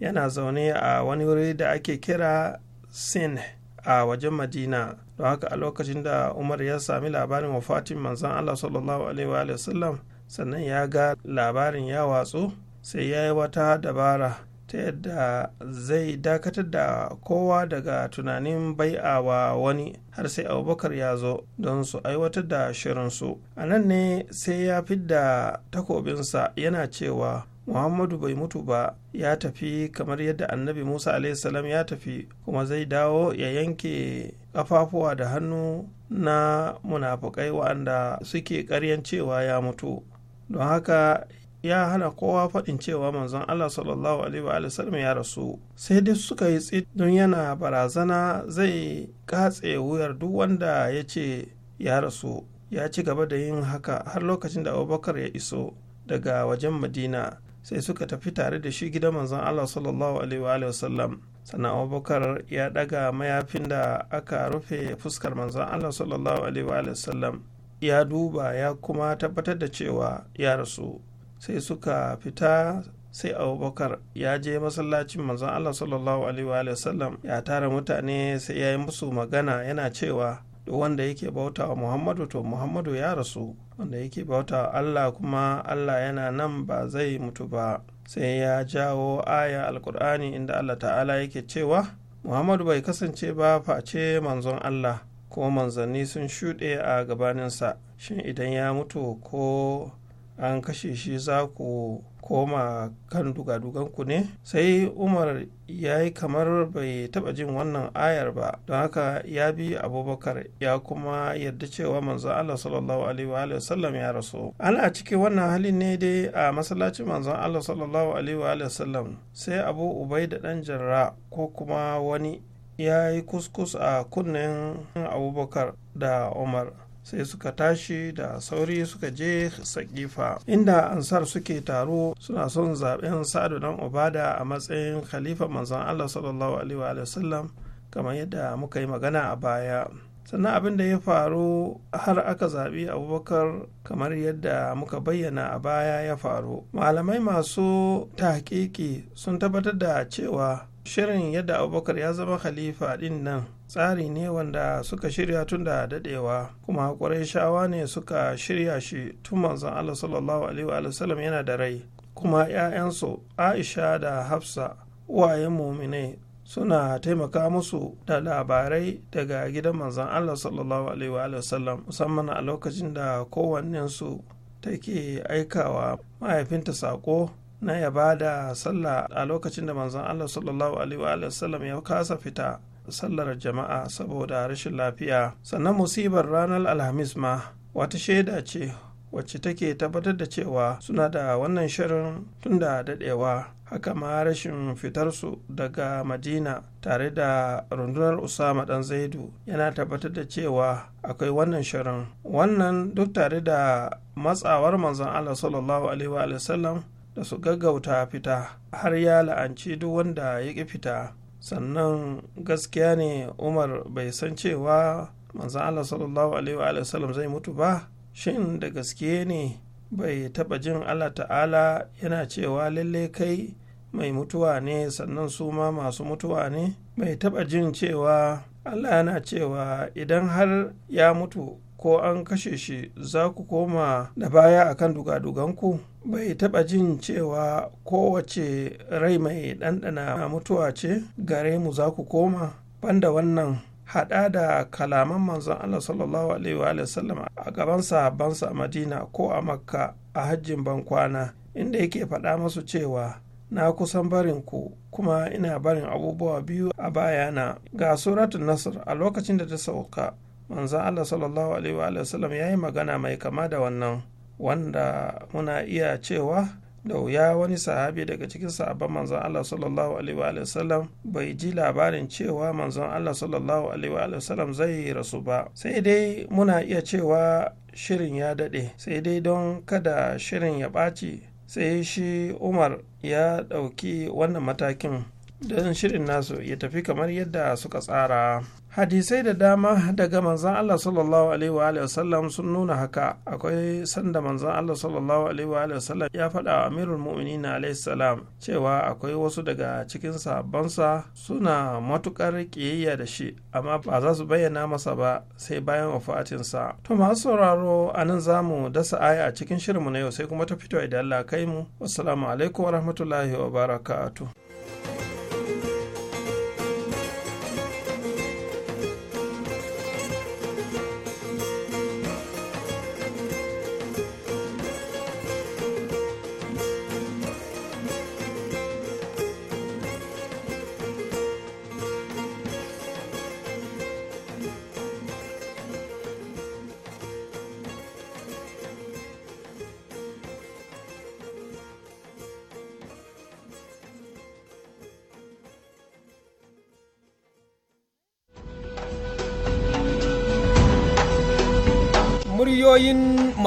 yana zaune a wani wuri da ake kira sin a wajen madina don haka a lokacin da umar ya sami labarin wafatin manzan allah sallallahu alaihi wa sallam sannan ya ga labarin ya watsu sai ya yi wata dabara ta yadda zai dakatar da kowa daga tunanin bai'awa wani har sai abubakar ya zo don su aiwatar da shirinsu a nan ne sai ya fidda takobinsa yana cewa muhammadu bai mutu ba ya tafi kamar yadda annabi musa salam ya tafi kuma zai dawo ya yanke kafafuwa da hannu na munafukai wa'anda suke karyan cewa ya mutu don haka ya hana kowa faɗin cewa manzon Allah sallallahu alaihi wa ya rasu sai dai suka yi tsit don yana barazana zai katse wuyar duk wanda ya ce ya rasu ya ci gaba da yin haka har lokacin da abubakar ya iso daga wajen madina sai suka tafi tare da shi gidan manzon Allah sallallahu alaihi wa sallam sannan abubakar ya daga mayafin da aka rufe fuskar manzon Allah sallallahu alaihi wa sallam ya duba ya kuma tabbatar da cewa ya rasu sai suka fita sai abubakar ya je masallacin manzon Allah sallallahu alaihi wa sallam ya tara mutane sai ya yi musu magana yana cewa duk wanda yake bauta wa muhammadu to muhammadu ya rasu wanda yake bauta wa allah kuma allah yana nan ba zai mutu ba sai ya jawo aya alkur'ani inda allah ta'ala yake cewa muhammadu bai kasance ba face manzon allah ko manzanni sun shuɗe a gabaninsa shin idan ya mutu ko an kashe shi za ku koma kan dugaduganku ne sai umar ya yi kamar bai taba jin wannan ayar ba don haka ya bi abubakar ya kuma yarda cewa manzon allah sallallahu alaihi wa sallam ya rasu ana cikin wannan halin ne dai a masallacin manzon allah sallallahu alaihi wa sallam sai abu ubai da dan jarra ko kuma wani ya yi kuskus a kunnen abubakar da umar sai suka tashi da sauri suka je sakifa inda ansar suke taro suna son zaben sa'adu dan obada a matsayin khalifa manzon allah sallallahu alaihi wa sallam kamar yadda muka yi magana a baya sannan abin da ya faru har aka zaɓi abubakar kamar yadda muka bayyana a baya ya faru malamai masu tahqiqi sun tabbatar da cewa shirin yadda abubakar ya zama khalifa ɗin nan tsari ne wanda suka shirya tun da dadewa kuma ƙwarai shawa ne suka shirya shi tun manzon Allah sallallahu alaihi wa sallam yana da rai kuma 'ya'yansu Aisha da Hafsa waye muminai suna taimaka musu da labarai daga gidan manzon Allah sallallahu alaihi wa sallam musamman a lokacin da kowannensu take aikawa mahaifinta sako na ya ba da sallah a lokacin da manzon Allah sallallahu alaihi wa sallam ya kasa fita sallar jama'a saboda rashin lafiya sannan musibar ranar alhamis ma wata shaida ce wacce take tabbatar da cewa suna da wannan shirin tun da dadewa haka ma rashin fitarsu daga madina tare da rundunar usama dan zaidu yana tabbatar da cewa akwai wannan shirin wannan duk tare da matsawar manzon allah sallallahu alaihi wa sallam da su gaggauta fita har ya la'anci duk wanda ya ƙi fita sannan gaskiya ne umar bai san cewa manzan allah sallallahu alaihi wa zai mutu ba shin da gaske ne bai taba jin allah ta'ala yana cewa lalle kai mai mutuwa ne sannan su ma masu mutuwa ne bai taba jin cewa allah yana cewa idan har ya mutu ko an kashe shi za ku koma da baya a akan dugaduganku bai taɓa jin cewa kowace rai mai ɗanɗana mutuwa ce gare mu za ku koma banda wannan haɗa da kalaman manzon Allah sallallahu alaihi wa sallam a gaban sahabbansa a Madina ko a Makka a hajjin bankwana inda yake faɗa masu cewa na kusan barin ku kuma ina barin abubuwa biyu a bayana ga suratun nasr a lokacin da ta sauka manzan allah sallallahu alaihi wa sallam ya yi magana mai kama da wannan wanda muna iya cewa da wuya wani sahabi daga cikin sahabban manzon Allah sallallahu alaihi wa sallam bai ji labarin cewa manzan Allah sallallahu alaihi wa sallam zai rasu ba sai dai muna iya cewa shirin ya dade sai dai don kada shirin ya ɓaci sai shi Umar ya ɗauki wannan matakin don shirin nasu ya tafi kamar yadda suka tsara hadisai da dama daga manzan Allah sallallahu alaihi wasallam sun nuna haka akwai sanda manzan Allah sallallahu alaihi wasallam ya faɗa wa amirul mu'minin alaihi salam cewa akwai wasu daga cikin sabansa suna matukar ƙiyayya da shi amma ba za su bayyana masa ba sai bayan wafatinsa to masu sauraro a nan za mu dasa aya a cikin shirinmu na yau sai kuma ta fito idan Allah kai mu wassalamu alaikum warahmatullahi wabarakatuh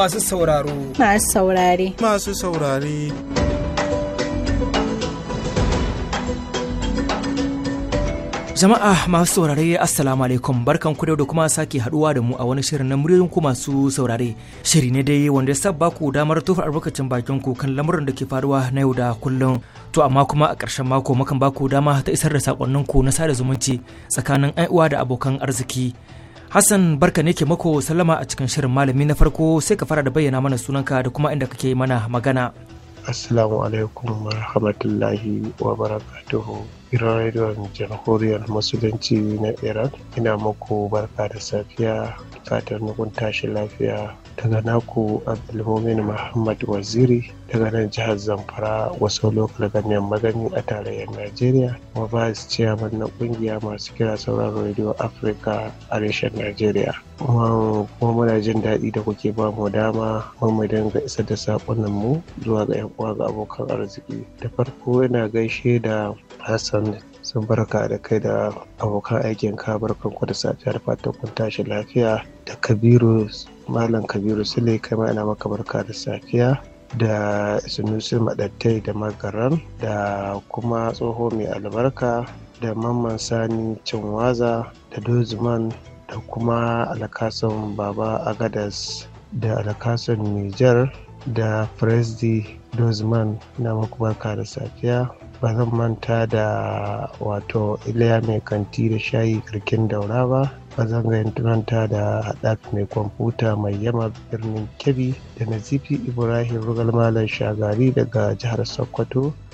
masu sauraro. Masu saurare. Masu saurare. Jama'a masu saurare Assalamu alaikum barkan ku da kuma sake haduwa da mu a wani shirin na muryoyin ku masu saurare. Shiri ne dai wanda ya sabba ku damar tofa albarkacin bakin ku kan lamurin da ke faruwa na yau da kullum. To amma kuma a ƙarshen mako makan baku dama ta isar da sakonnin ku na sada zumunci tsakanin ai'uwa da abokan arziki. Hassan barka ne ke mako sallama a cikin shirin malami na farko sai ka fara da bayyana mana sunanka da kuma inda kake mana magana. Assalamu alaikum wa rahmatullahi wa barakatuhu. Iran Radio Jamhuriyar Musulunci na Iran ina mako barka da safiya fatar nukun tashi lafiya daga naku Abdulmumin Muhammad Waziri daga nan jihar zamfara wasu lokal ganyen magani a tarayyar najeriya kuma vice chairman na kungiya masu kira sauran radio Afirka a reshen najeriya kuma muna jin daɗi da kuke ba mu dama mu dinga isa da saƙonan mu zuwa ga yan uwa ga abokan arziki da farko ina gaishe da hassan sun barka da kai da abokan aikin ka barkanku da safiyar fatan kun tashi lafiya da kabiru malam kabiru sule kai ma ina maka barka da safiya da sunusi maɗattai da magaran da kuma tsoho mai albarka da mamman sani cinwaza da dozman da kuma alakasan baba agadas da alakasan niger da presdi dozman na muku barka da safiya ba zan manta da wato iliya mai kanti da shayi karkin daura ba a zangayin turanta da haɗaf mai kwamfuta mai yama birnin kebbi da nazifi ibrahim rugal malam shagari daga jihar sokoto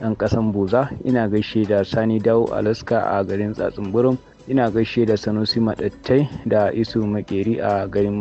ɗan ƙasan Buza, ina gaishe da Sani Dawo Alaska a garin Tsatsunburum, ina gaishe da Sanusi Maɗattai da Isu Makeri a garin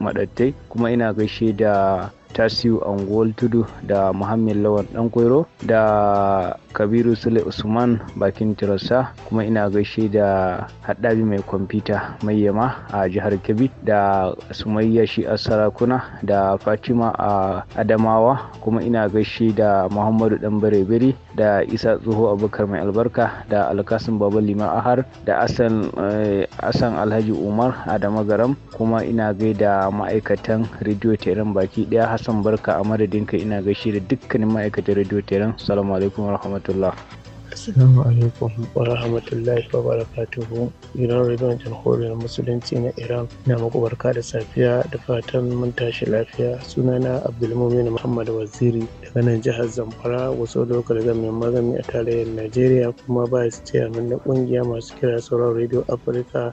Maɗattai, kuma ina gaishe da Tasiu Angol Tudu da Muhammad Lawan Ɗan da kabiru sule usman bakin tirasa kuma ina gaishe da haɗabi mai kwamfuta mai yama a jihar kebbi da sumayya shi a sarakuna da fatima a adamawa kuma ina gaishe da muhammadu dan bere-bere da isa tsoho abubakar mai albarka da alkasin baba liman ahar da asan eh, alhaji umar adama garam kuma ina gaida ma'aikatan rediyo teran baki daya hassan barka a madadinka ina gaishe da dukkanin ma'aikatan rediyo teran salamu alaikum wa rahmatullahi rahmatullah Assalamu alaikum wa rahmatullahi wa barakatuhu. iran rediyon jamhuriyar musulunci na Iran na muku barka da safiya da fatan mun tashi lafiya. Sunana Abdulmumin Muhammad Waziri daga nan jihar Zamfara wasu lokal mai magani a tarayyar Najeriya kuma ba su ce na kungiya masu kira sauran rediyo Afirka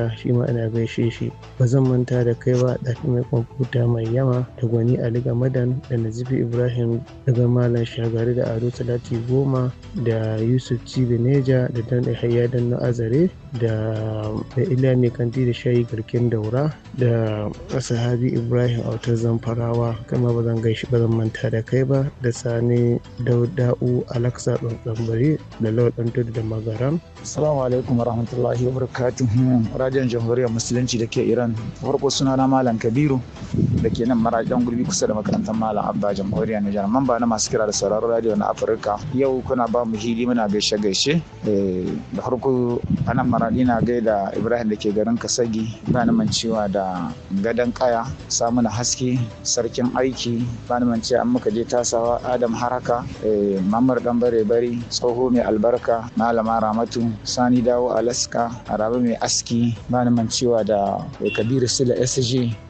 Musa shi ma ina gaishe shi. Ba zan manta da kai ba ɗafi mai kwamfuta mai yama da gwani Ali Gamadan da Nazifi Ibrahim daga Malam Shagari da Ado Talati Goma da Yusuf Cibi Neja da Dan Yahaya Dan na Azare da mai mai kanti da shayi garkin daura da sahabi ibrahim autar zamfarawa kama ba zan gaishe ba zan manta da kai ba da sani dauda'u alaksa tsambari da lauɗan tudu da magaram assalamu alaikum warahmatullahi wabarakatuh radiyon jamhuriyar musulunci da ke iran farko suna na malam kabiru da ke nan marajan gurbi kusa da makarantar malam abba Jamhuriya nijar mamba na masu kira da sauraron radiyo na afirka yau kuna ba mu hili muna gaishe gaishe eh, da farko a nan maradi na gaida ibrahim da ke garin kasagi bani mancewa da gadon kaya samuna haske sarkin aiki bani mancewa an muka je tasawa adam haraka eh, mamar dan bare bari tsoho mai albarka malama ramatu sani dawo alaska arabe mai aski bani mancewa da kabiru sila sg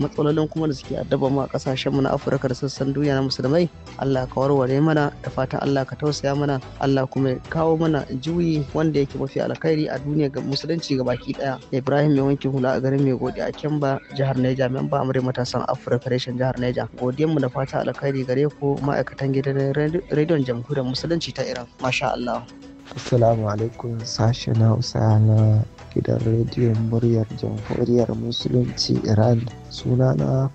matsalolin kuma da suke addaba mu a kasashen mu na Afirka da sassan duniya na musulmai Allah ka warware mana da fatan Allah ka tausaya mana Allah kuma ya kawo mana juyi wanda yake mafi alkhairi a duniya ga musulunci ga baki daya Ibrahim mai wankin hula a garin mai gode a Kemba jihar Niger ba amurai matasan Afirka reshen jihar Niger godiyan mu da fatan alkhairi gare ku ma'aikatan gidan rediyon jamhuriyar musulunci ta Iran masha Allah Assalamu alaikum sashe na usa na gidan rediyon muryar jamhuriyar musulunci iran sunana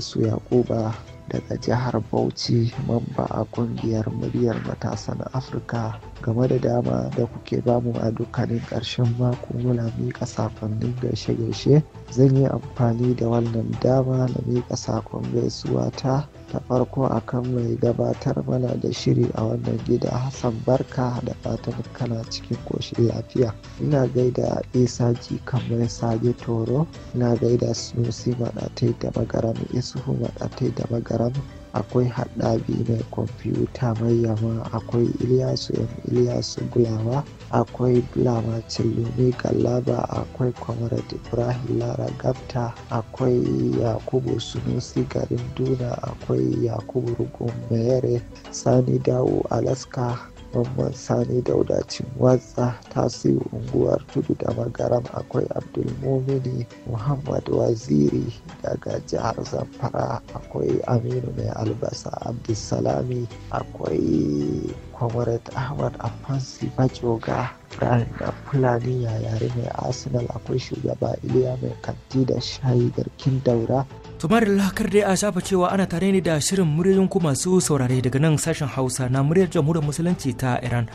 su yakuba daga jihar Bauchi mamba a kungiyar muryar matasan Afirka game da dama da kuke bamu a dukkanin karshen mako muna miƙa sakonnin gaishe-gaishe zan yi amfani da wannan dama na miƙa sakon gaisuwa ta ta farko akan mai gabatar mana da shiri a wannan gida Hassan Barka da fatan kana cikin ƙoshin lafiya ina gaida Isa kamar Sage Toro ina gaida Sunusi Maɗatai da magarami Isuhu Maɗatai da magarami ƙaramin akwai haɗabi mai kwamfuta mai yama akwai iliyasu yan iliyasu gulawa akwai bulawa cilomi galaba akwai comrade ibrahim lara gafta akwai yakubu sunusi garin duna akwai yakubu rugun mayere sani dawo alaska Mamman Sani Daudacin Watsa Tasiu unguwar Tudu da Magaram akwai Abdulmumini Muhammad Waziri daga jihar Zamfara akwai Aminu Mai Albasa Abdulsalami akwai Comrade Ahmad Afansi Bajoga Brian da Fulani yare mai Arsenal akwai shugaba Iliya mai kanti da shayi garkin daura tumarilla kar dai a shafa cewa ana tare ne da shirin muryoyin ku masu saurare daga nan sashen hausa na muryar jamhuriyar musulunci ta iran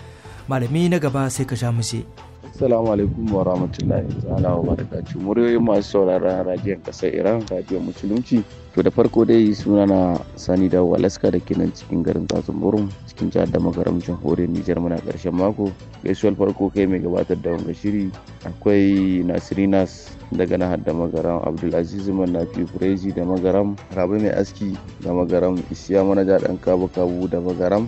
malami na gaba sai ka sha mishi. Assalamu alaikum wa rahmatullahi ta'ala wa Muryoyin masu sauraron radiyon kasar Iran, radiyon musulunci. To da farko dai suna na Sani da Walaska da ke nan cikin garin Tsatsun cikin jihar da magaram jamhuriyar Nijar muna karshen mako. Gaisuwar farko kai mai gabatar da wanga shiri akwai Nasirinas daga nahar da magaram Abdulaziz Manafi Furezi da magaram Rabi Mai Aski da magaram Isiya Manaja Dan Kabu Kabu da magaram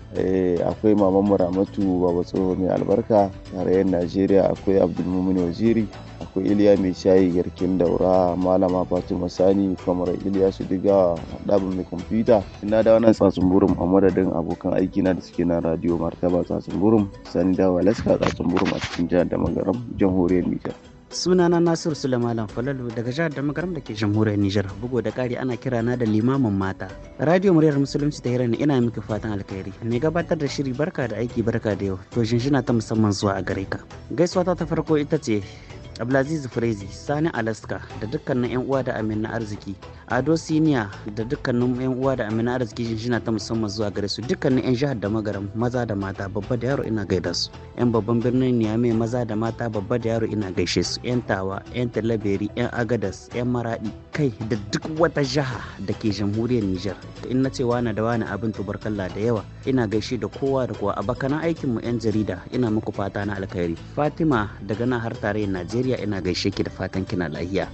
Eh, akwai maman muramatu baba tsoho mai albarka tarayyar najeriya akwai abdulmumin waziri akwai iliya mai shayi garkin daura malama fatima sani kamar iliya su diga ɗabin mai kwamfuta ina da wannan tsatsun burum a madadin abokan aiki na da suke nan radio martaba tsatsun burum sani walaska walaska tsatsun burum a cikin jihar da magaram jamhuriyar nijar sunana nasiru sulaiman falalu daga jihar da magaram da ke jamhuriyar nijar bugu da kari ana kira na da limamin mata radio muryar musulunci ta hirar ina miki fatan alkhairi mai gabatar da shiri barka da aiki barka da yau to shinshina ta musamman zuwa a gare ka gaisuwa ta farko ita ce abdulaziz Frezi, Sani Alaska da dukkanin 'yan uwa da amin na arziki. Ado Siniya da dukkanin 'yan uwa da amin na arziki Jinjina ta musamman zuwa gare su dukkanin 'yan jihar da magaram maza da mata babba da yaro ina gaida su. 'Yan babban birnin niyame maza da mata babba da yaro ina gaishe su. 'Yan Tawa, 'yan Talaberi, 'yan Agadas, 'yan Maradi kai da duk wata jiha da ke jamhuriyar Nijar. In na ce wani da wani abin tubarkalla da yawa ina gaishe da kowa da kowa a aikin aikinmu 'yan jarida ina muku fata na alkhairi. Fatima daga nan har tarayyar Najeriya lafiya ina gaishe ki da fatan kina lafiya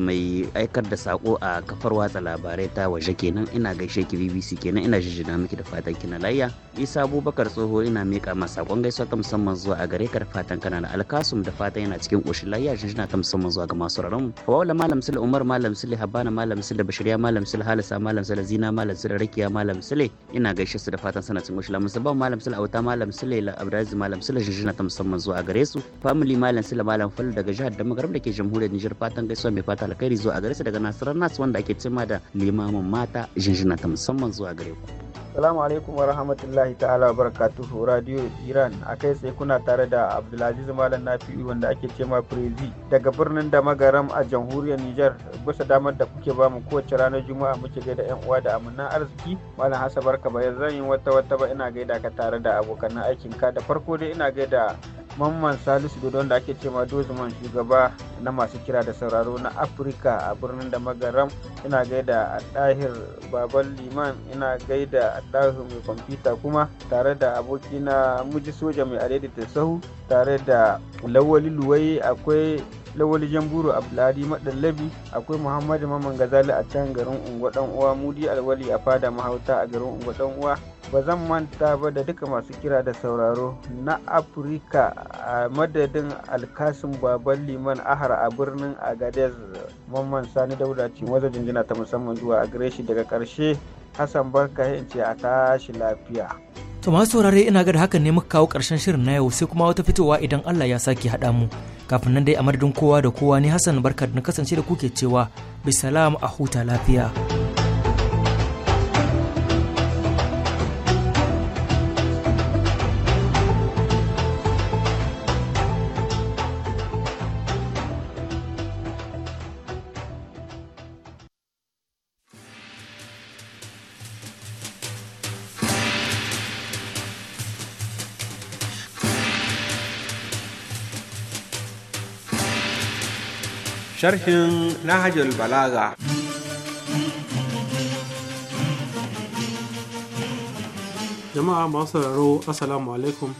mai aikar da sako a kafar watsa labarai ta waje kenan ina gaishe ki BBC kenan ina jijjina miki da fatan kina lafiya Isa Abubakar tsoho ina mika ma sakon gaisuwa ta musamman zuwa a gare ka da fatan kana da alkasum da fatan yana cikin koshin lafiya jijjina ta musamman zuwa ga masu raron Hawala Malam Sule Umar Malam Sule Habana Malam Sule Bashiriya Malam Sule Halisa Malam Sule Zina Malam Sule Rakiya Malam Sule ina gaishe su da fatan sana cikin koshin lahiya Malam Sule Auta Malam Sule Abdulaziz Malam Sule jijjina ta musamman zuwa a gare su family Malam Sule Malam Fal da daga jihar da magarab da ke jamhuriyar Nijar fatan gaisuwa mai fata alkhairi zuwa gare su daga Nasarar nasu wanda ake cima da limamin mata jinjina ta musamman zuwa gare ku. Salamu alaikum wa rahmatullahi ta'ala wa barakatuhu Radio Iran a kai sai kuna tare da Abdulaziz Malam Nafi'u wanda ake ce ma Prezi daga birnin da magaram a jamhuriyar Nijar bisa damar da kuke bamu kowace ranar Juma'a muke da yan uwa da amanan arziki Malam Hassan barka ba zan yi wata wata ba ina gaida ka tare da abokan aikin ka da farko dai ina gaida Mamman Salisu dodo wanda ake cewa Dozman shugaba na masu kira da sauraro na Afirka a birnin da magaram ina gaida al ɗahir Baban Liman ina gaida ɗahu mai kwamfuta kuma tare da abokina muji soja mai ta sahu tare da lawali luwai akwai lawali jamburu abdulhadi madallabi akwai muhammadu maman gazali a can garin unguwa dan uwa mudi alwali a fada mahauta a garin unguwa dan uwa ba zan manta ba da duka masu kira da sauraro na afirka a madadin alkasin baban liman ahar a birnin agadez mamman sani dauda ce wajen jinjina ta musamman zuwa a gare shi daga karshe hassan barka ya ce a tashi lafiya to masu saurare ina ga da hakan ne muka kawo karshen shirin na yau sai kuma wata fitowa idan allah ya sake haɗa mu kafin nan dai a madadin kowa da kowa ne hassan barka na kasance da kuke cewa bisalam a huta lafiya. sharhin Nahajul Balaga. Jama'a masu sauraro asalamu alaikum.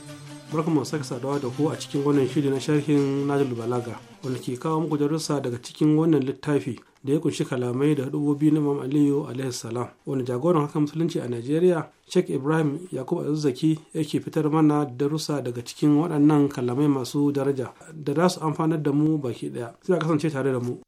kuma saka saduwa da ku a cikin wannan shiri na sharhin Nahajul Balaga, wanda ke kawo muku darussa daga cikin wannan littafi da ya kunshi kalamai da hadubobi na Imam Aliyu alaihi salam jagoran haka musulunci a Najeriya Sheikh Ibrahim Yakub Azzaki yake fitar mana darussa daga cikin waɗannan kalamai masu daraja da za su amfanar da mu baki ɗaya sai kasance tare da mu.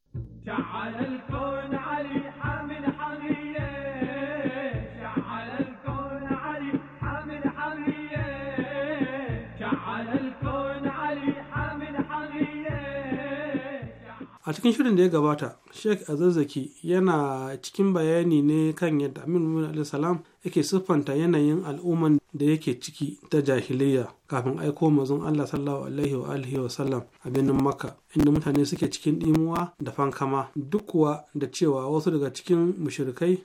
a cikin shirin da ya gabata sheikh azazzaki yana cikin bayani ne kan yadda aminu bin salam yake siffanta yanayin al'umman da yake ciki ta jahiliya kafin aiko mazun allah sallahu alaihi wa alihi wa sallam a binin makka inda mutane suke cikin dimuwa da fankama duk kuwa da cewa wasu daga cikin mushrikai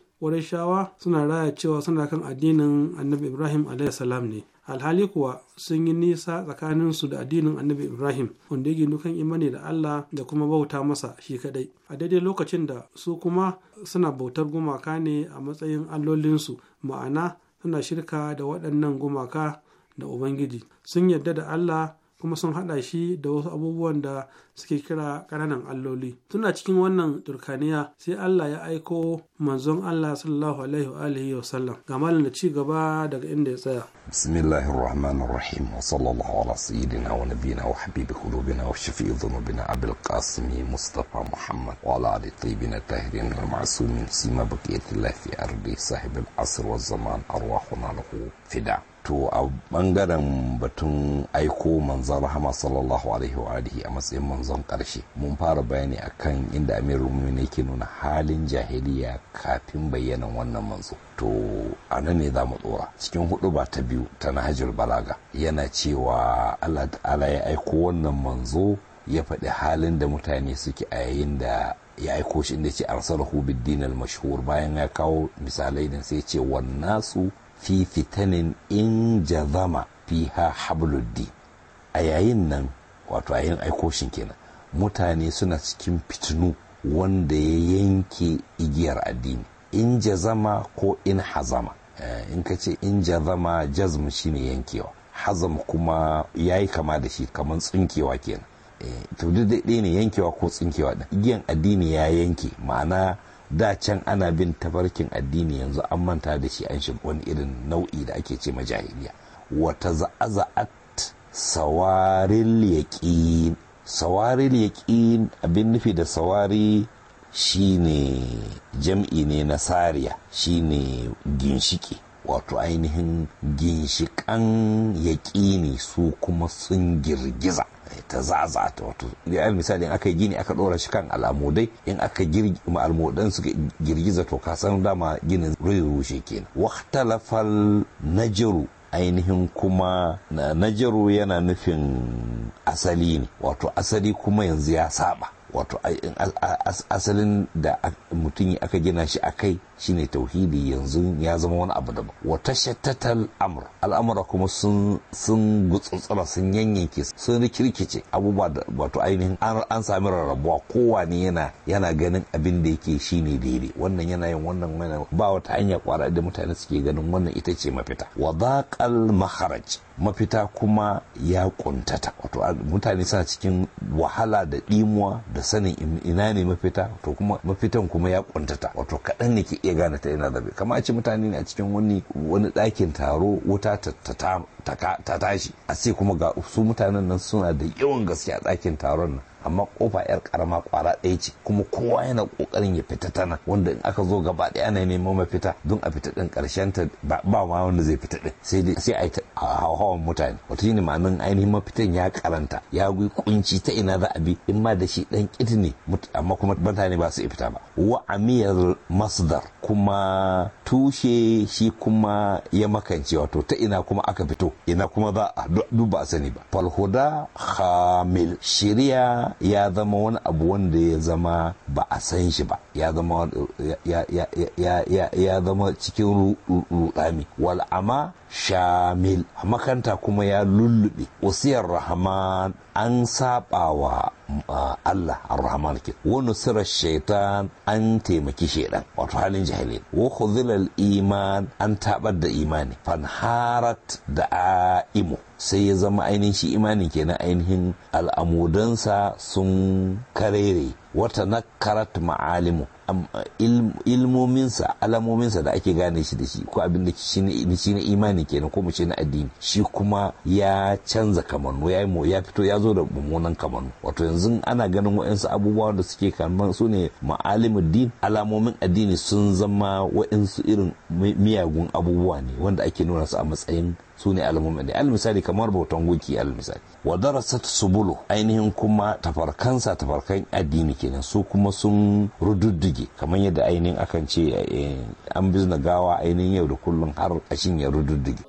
shawa suna raya cewa suna kan addinin annabi ibrahim alaihi salam ne alhali kuwa sun yi nisa tsakaninsu da addinin annabi ibrahim wanda yake ginu imani da allah da kuma bauta masa shi kadai a daidai lokacin da su kuma suna bautar gumaka ne a matsayin allolinsu ma'ana suna shirka da waɗannan gumaka da ubangiji sun yarda da allah kuma sun hada shi da wasu abubuwan da suke kira ƙananan alloli tuna cikin wannan turkaniya sai allah ya aiko manzon allah sallallahu alaihi wa sallam ga malam da ci gaba daga inda ya tsaya bismillahir rahmanir rahim wa sallallahu ala sayyidina wa nabiyina wa habibi qulubina wa shafi'i dhunubina abul qasim mustafa muhammad wa ala ali tayyibina tahirin al ma'sumin sima baqiyatillah fi ardi sahib al asr wa zaman arwahuna lahu fida to a bangaren batun aiko manzon rahama sallallahu alaihi wa alihi a matsayin manzon karshe mun fara bayani akan inda rumi ne yake nuna halin jahiliya kafin bayyanan wannan manzo to a nan ne za mu tsora cikin hudu ba ta biyu ta nahajul balaga yana cewa Allah ta'ala ya aiko wannan manzo ya faɗi halin da mutane suke a yayin da ya aiko shi inda ce arsalahu bid-din al-mashhur bayan ya kawo misalai da sai ce su? fi fitanin in jazama fiha habluddi a yayin nan wato a yin aikoshin kenan mutane suna cikin fitinu wanda ya yanke igiyar addini in jazama ko in hazama eh, in ka ce in jazama jazm shine yankewa hazam kuma ya yi kama da shi kamar tsinkewa kenan eh, to duk ne yankewa ko tsinkewa din igiyan addini ya yanke ma'ana da can ana bin tafarkin addini yanzu an manta da shi an shiga wani irin nau'i da ake ce majahiliya wata za'aza'at sawaril yaqin abin nufi da sawari shine jam'i ne na sariya shine ginshiki wato ainihin ginshikan yaƙini su kuma sun girgiza ta zaza ta wato da misali in aka yi gini aka ɗora shi kan al'amudai in aka girgima al'amudan suka girgiza to ka san dama ginin zai rushe kenan waqtalafal najru ainihin kuma najaru yana nufin asali ne wato asali kuma yanzu ya saba wato asalin da mutum ya aka gina shi a kai shine tauhidi yanzu ya zama wani abu daban wata shattatal amur. al'amura kuma sun sun gutsutsura sun yanyanke sun rikirkice abubuwa da wato ainihin an sami rarrabuwa kowane yana yana ganin abin da yake shine daidai wannan yana yin wannan ba wata hanya kwara da mutane suke ganin wannan ita ce mafita Wadakal maharaj mafita kuma ya kuntata wato mutane suna cikin wahala da ɗimuwa da da sanin ina ne mafita to kuma mafitan kuma ya kuntata wato kaɗan ne ke iya gane ta ina zabe kamar a ce mutane ne a cikin wani wani ɗakin taro wuta ta ta tashi a ce kuma ga su mutanen nan suna da yawan gaske a ɗakin taron nan amma kofa yar karama kwara ɗaya ce kuma kowa yana kokarin ya fita tana wanda in aka zo gaba ɗaya na neman mafita don a fita ɗin karshen ta ba ma wanda zai fita din sai dai sai a yi hawan mutane wato ma ma'anin ainihin mafitan ya karanta ya gwi kunci ta ina za a bi in ma da shi ɗan kiti ne amma kuma mutane ba su fita ba wa amiyar masdar kuma tushe shi kuma ya makance wato ta ina kuma aka fito ina kuma za a duk a sani ba falhuda hamil Shirya ya zama wani abu wanda ya zama ba a san shi ba ya zama cikin rudami Walama shamil makanta kuma ya lullube usiyar rahman an sabawa الله الرحمن كي ونصر الشيطان أن تيمكي شيئا وطحال جهلين وخذل الإيمان أن تابد إيماني فانحارت دائمه sai ya zama ainihin shi imanin kenan ainihin al'amudansa sun karere wata na karat ma'alimu ilmominsa alamominsa da ake gane shi da shi ko abin da shi na imani kenan ko mu na addini shi kuma ya canza kamanu ya ya fito ya zo da mummunan kamanu wato yanzu ana ganin wa'insu abubuwa da suke kamar su ne ma'alimin din alamomin addini sun zama wa'insu irin miyagun abubuwa ne wanda ake nuna su a matsayin su ne almumin misali kamar bautan gunki misali wa su Bulu ainihin kuma tafarkansa tafarkan addini kenan su kuma sun rududdige kamar yadda ainihin akan ce eh, an bizna gawa ainihin yau da kullum har kashin ya rududdige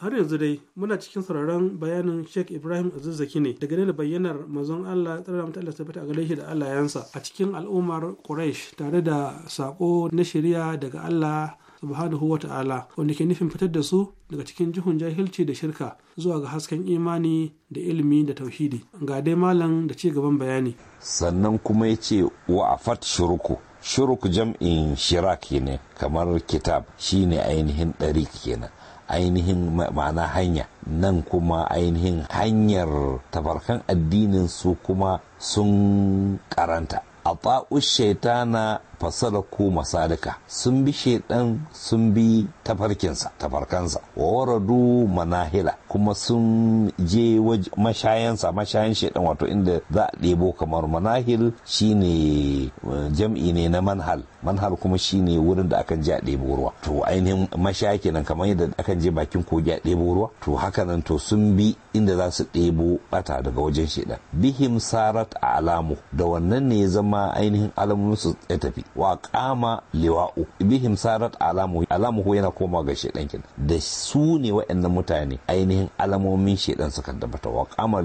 har yanzu dai muna cikin sauraron bayanin sheikh ibrahim azizzaki ne daga da bayyanar mazan allah tsara mata allah tabbata gare shi da allayansa a cikin al'ummar quraish tare da sako na shari'a daga allah subhanahu wa ta'ala wanda ke nufin fitar da su daga cikin jihun jahilci da shirka zuwa ga hasken imani da ilimi da tauhidi ga dai malam da ci gaban bayani sannan kuma ya ce wa afat shuruku shuruk jam'in shirak ne kamar kitab shine ainihin ɗari kenan ainihin ma'ana hanya nan kuma ainihin hanyar tafarkan addinin su kuma sun karanta a shaitana ko masalika sun bi shedan sun bi tafarkinsa tafarkansa wawaradu waradu manahila kuma sun je mashayansa mashayan shedan wato inda za a ɗebo kamar manahil shine eh, jam'i ne na manhal manhal kuma shine wurin da akan je a ɗebo ruwa to ainihin mashaya kenan kamar yadda akan je bakin kogi a ɗebo ruwa to haka nan to sun bi inda za su ɗebo bata daga wajen shedan bihim sarat alamu da wannan ne zama ainihin alamun su ya tafi wa kama liwa'u bihim sarat alamu alamuhu yana koma ga shedan kin da su ne waɗannan mutane ainihin alamomin shedan suka tabbata wa qama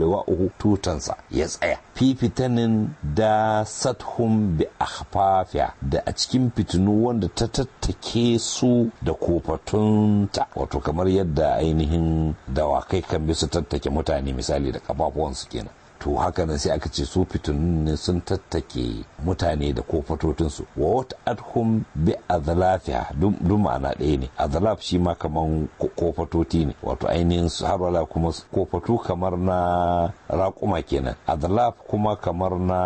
tutansa ya tsaya fifitanin da sathum bi akhfafiya da a cikin fitinu wanda ta tattake su da kofatunta wato kamar yadda ainihin dawakai kan bi su tattake mutane misali da kafafuwansu kenan to haka nan sai aka ce su fitunun sun tattake mutane da kofatotinsu wa wata adhum bi azlafiha dun ma'ana ɗaya ne azlaf shi ma kaman kofatoti ne wato ainihin su harwala kuma kofatu kamar na raƙuma kenan azlaf kuma kamar na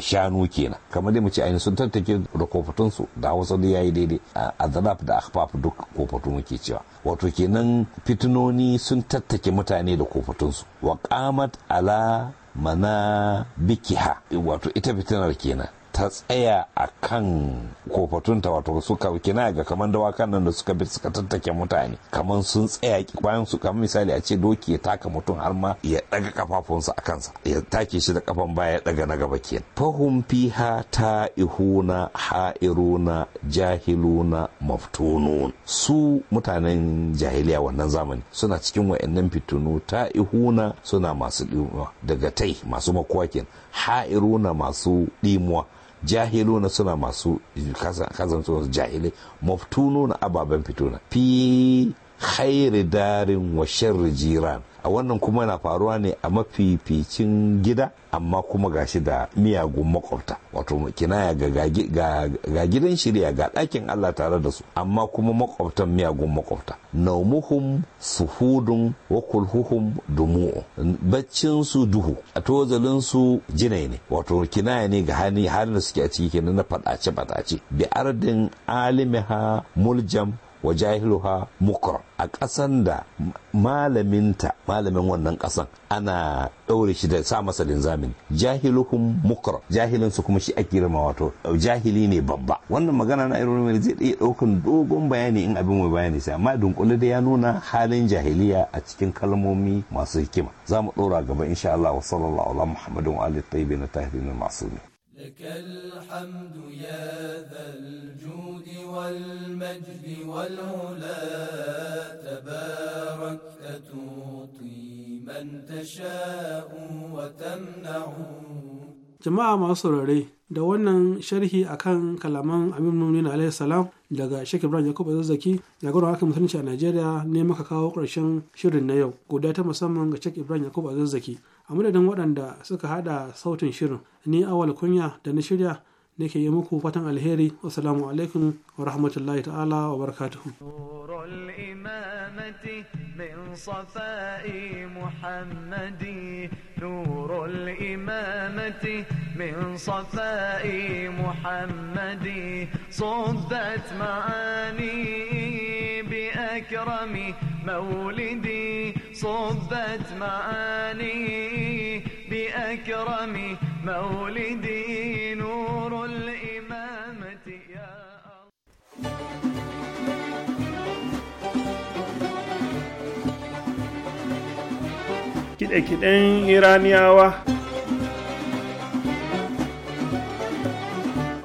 shanu kenan kamar dai mu ce ainihin sun tattake da kofatunsu da hausa da yayi daidai azlaf da akhfaf duk kofato muke cewa wato kenan fitinoni sun tattake mutane da kofatunsu wa qamat ala mana bikiha wato ita fitinar kenan ta tsaya a kan kofatunta wato suka kina ga kamar dawakan nan da suka bi suka tattake mutane kamar sun tsaya bayan su kamar misali a ce doki ya taka mutum har ma ya daga kafafunsa a kansa ya take shi da kafan baya ya daga na gaba kenan fahum fiha ihuna ha'iruna jahiluna maftunun su mutanen jahiliya wannan zamani suna cikin wayannan fitunu ta ihuna suna masu daga tai masu makuwa kenan ha'iruna masu ɗimuwa jahiluna suna masu kasancewa jahilai na ababen fitona fi khairi darin wa sharri jiran a wannan kuma na faruwa ne a mafificin gida amma kuma gashi da miyagun makwabta wato kinaya ga gidan shirya ga ɗakin Allah tare da su amma kuma makwabtan miyagun makwabta naumuhum suhudun wa kulhuhum dumu'u baccin duhu a tozalin su jinai ne wato kinaya ne ga hali da suke a ciki kenan na faɗace faɗace bi ardin alimiha muljam wa jahiluha mukra a ƙasan da malaminta malamin wannan ƙasan ana ɗaure shi da sa masa linzamin jahiluhum mukra jahilin su kuma shi ake girma wato jahili ne babba wannan magana na irin mai zai iya ɗaukan dogon bayani in abin mai bayani sai amma dunkule da ya nuna halin jahiliya a cikin kalmomi masu hikima za mu ɗora gaba insha Allah wa sallallahu ala muhammadin wa alihi tayyibin tahirin masumi لك الحمد يا ذا الجود والمجد والعلا تبارك تعطي من تشاء وتمنع jama'a masu saurare da wannan sharhi akan kalaman amin mumin alayhi salam daga shek ibrahim yakub zazzaki ya gwada haka musulunci a najeriya ne maka kawo ƙarshen shirin na yau guda ta musamman ga shek ibrahim yakub zazzaki a madadin waɗanda suka hada sautin shirin ni awal kunya da na shirya nake yi muku fatan alheri wassalamu alaikum wa rahmatullahi ta'ala wa barakatuhu من صفاء محمد نور الإمامة من صفاء محمد صدت معاني بأكرم مولدي صدت معاني بأكرم مولدي نور الإمامة يا kiɗe-kiɗen iraniyawa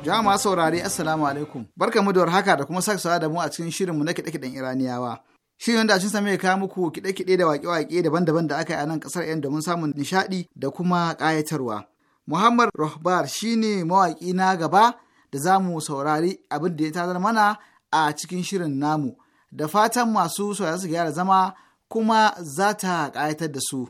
jama'a saurari assalamu alaikum barkamu da warhaka da kuma sake da mu a cikin shirinmu na kiɗe-kiɗen iraniyawa Shirin a cin same kawo muku kiɗe-kiɗe da waƙe-waƙe daban-daban da aka yi a nan ƙasar yan domin samun nishaɗi da kuma ƙayatarwa. Muhammad Rohbar ne mawaƙi na gaba da za mu saurari abin da ya tazar mana a cikin shirin namu. Da fatan masu saurari su gyara zama kuma za ta ƙayatar da su.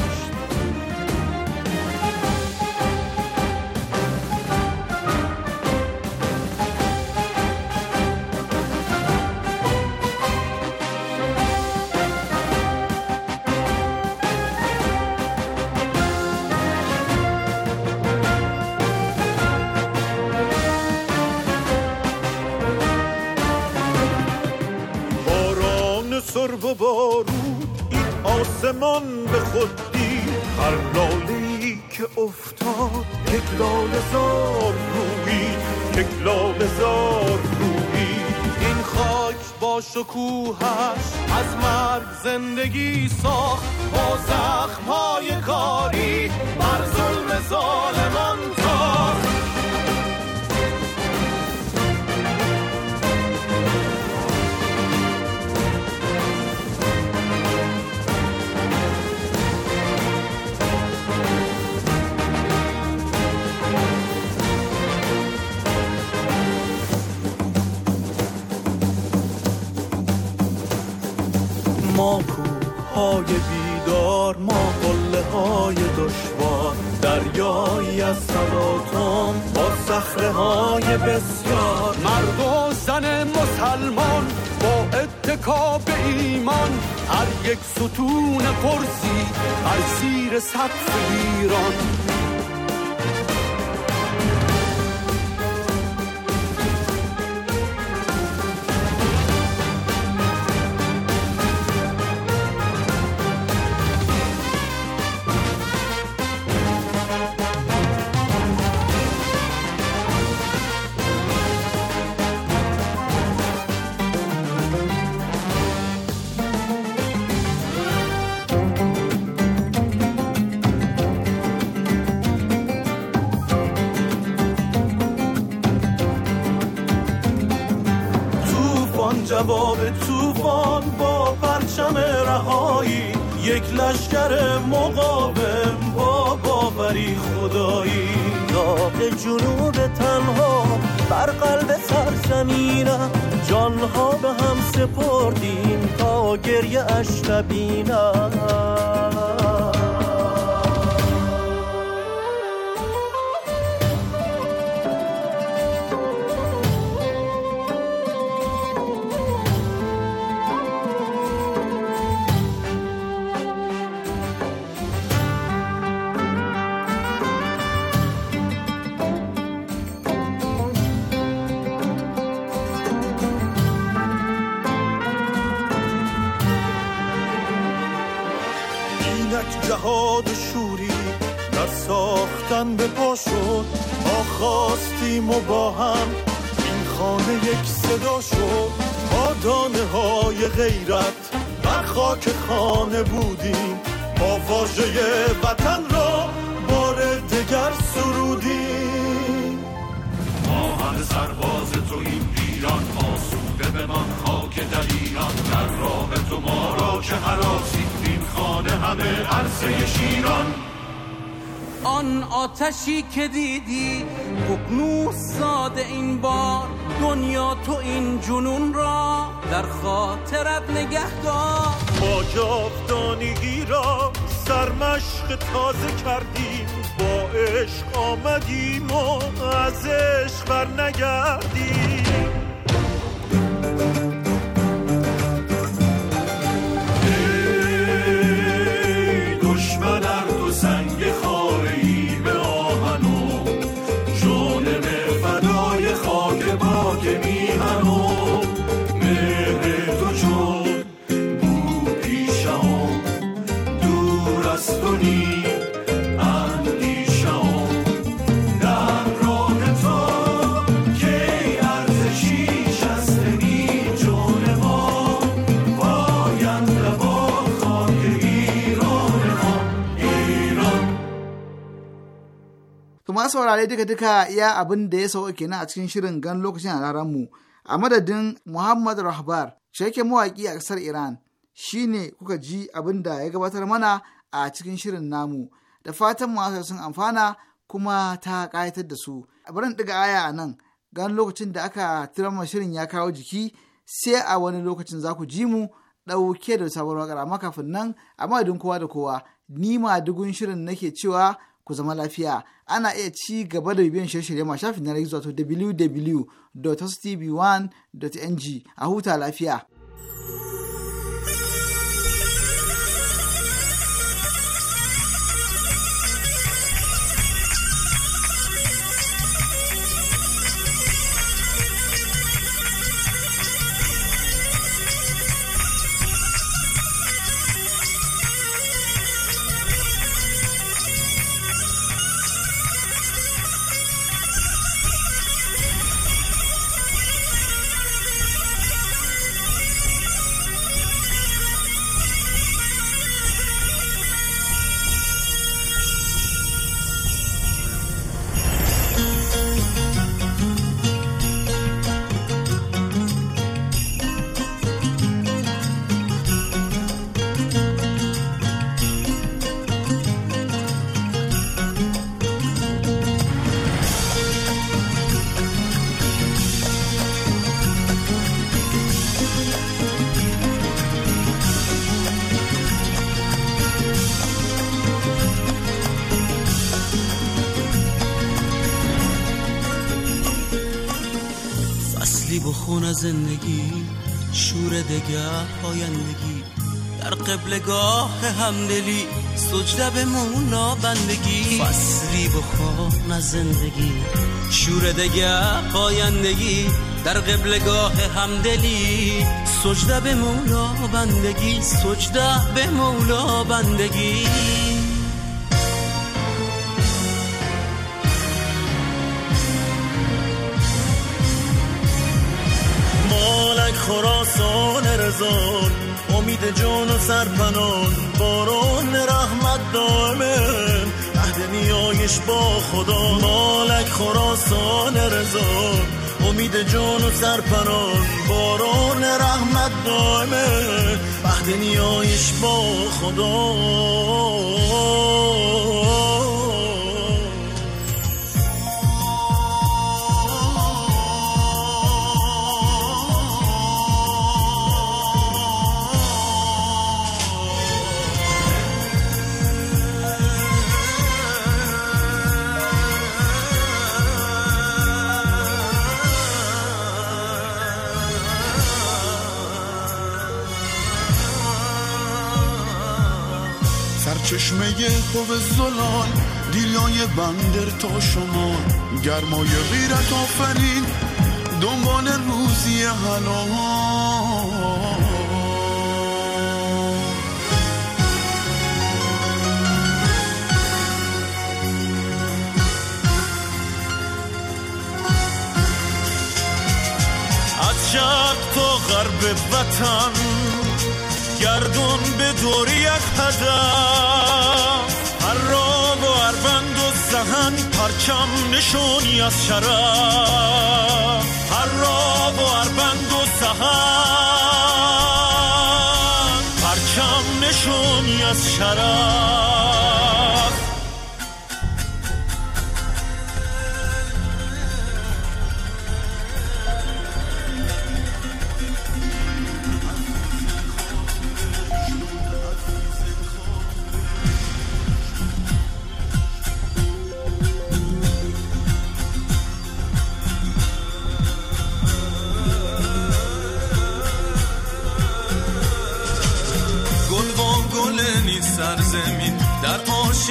و از مرگ زندگی ساخت با های کاری بر ظلم ظالمان های بیدار ما قله های دشوار دریایی از سواتم با صخره های بسیار مرد و زن مسلمان با اتکاب ایمان هر یک ستون پرسی بر زیر سقف ایران جواب توفان با پرچم رهایی یک لشکر مقاوم با باوری خدایی داغ جنوب تنها بر قلب سرزمینم جانها به هم سپردیم تا گریه اش نبینم آتشی که دیدی ققنوس ساده این بار دنیا تو این جنون را در خاطرت نگه دار با جاودانگی را سرمشق تازه کردیم با عشق آمدیم و از عشق نگردیم Kuma saurare duka duka iya abin da ya sauka kenan a cikin shirin gan lokacin a mu a madadin Muhammad Rahbar shaikin mawaƙi a ƙasar Iran shine kuka ji abin da ya gabatar mana a cikin shirin namu da fatan mu masu sun amfana kuma ta ƙayatar da su. A barin ɗiga aya a nan gan lokacin da aka tirama shirin ya kawo jiki sai a wani lokacin za ku ji mu ɗauke da sabon waƙar amma kafin nan a madadin kowa da kowa ni ma dugun shirin nake cewa ku zama lafiya ana iya ci gaba da bibiyan shirye-shirye ma shafin na gizo to www.tv1.ng a huta lafiya. شبمون بندگی فصلی و از زندگی شور دگه پایندگی در قبلگاه همدلی سجده به مولا بندگی سجده به مولا بندگی مالک خراسان رزان امید جان و سرپنان باران رحمت دائمه عهد نیایش با خدا مالک خراسان رضا امید جان و سرپنان باران رحمت دائمه عهد نیایش با خدا چشمه خوب زلال دیلای بندر تا شما گرمای غیرت آفرین دنبال روزی حلال از شرق تا غرب وطن گردون به دور یک هدف هر راب و اروند و زهن پرچم نشونی از شرف هر راب و اروند و زهن پرچم نشونی از شرف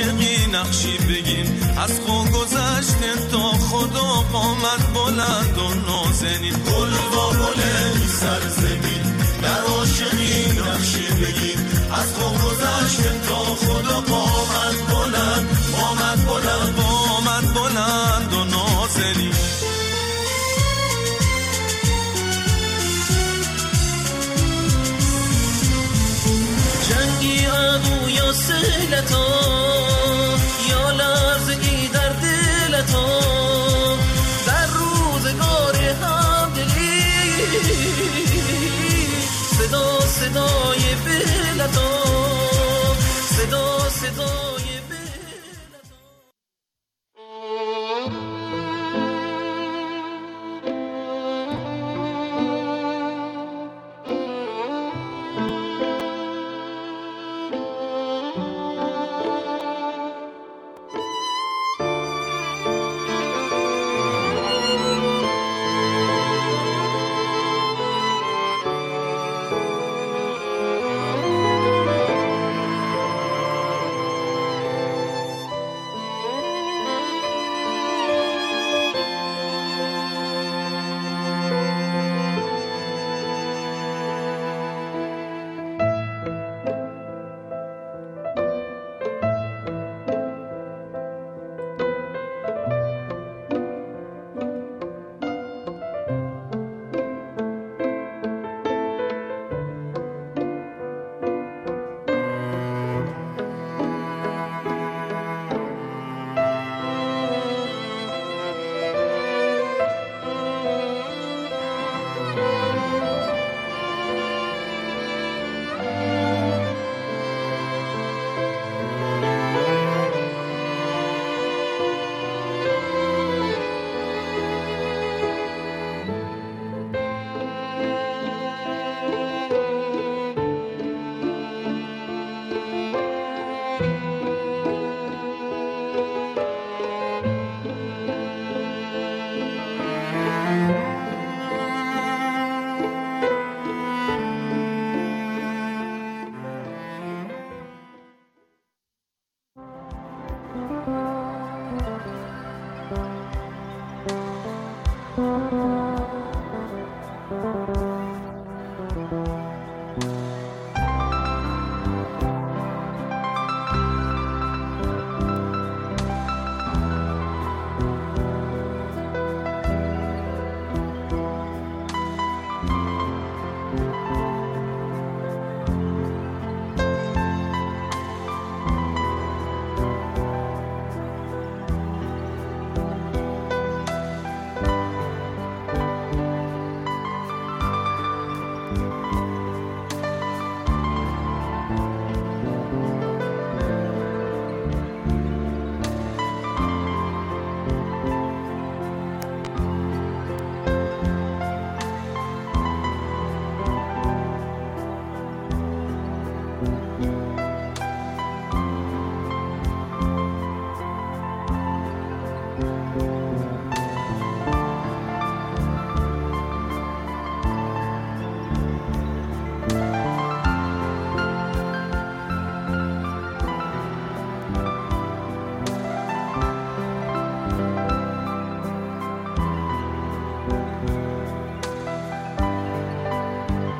عاشقی نقشی بگین از خون گذشته تا خدا قامت بلند و نازنین گل با گل سر زمین در عاشقی نقشی بگین از خون گذشته تا خدا قامت بلند قامت بلند قامت بلند و نازنین جنگی عدو یا سهلتان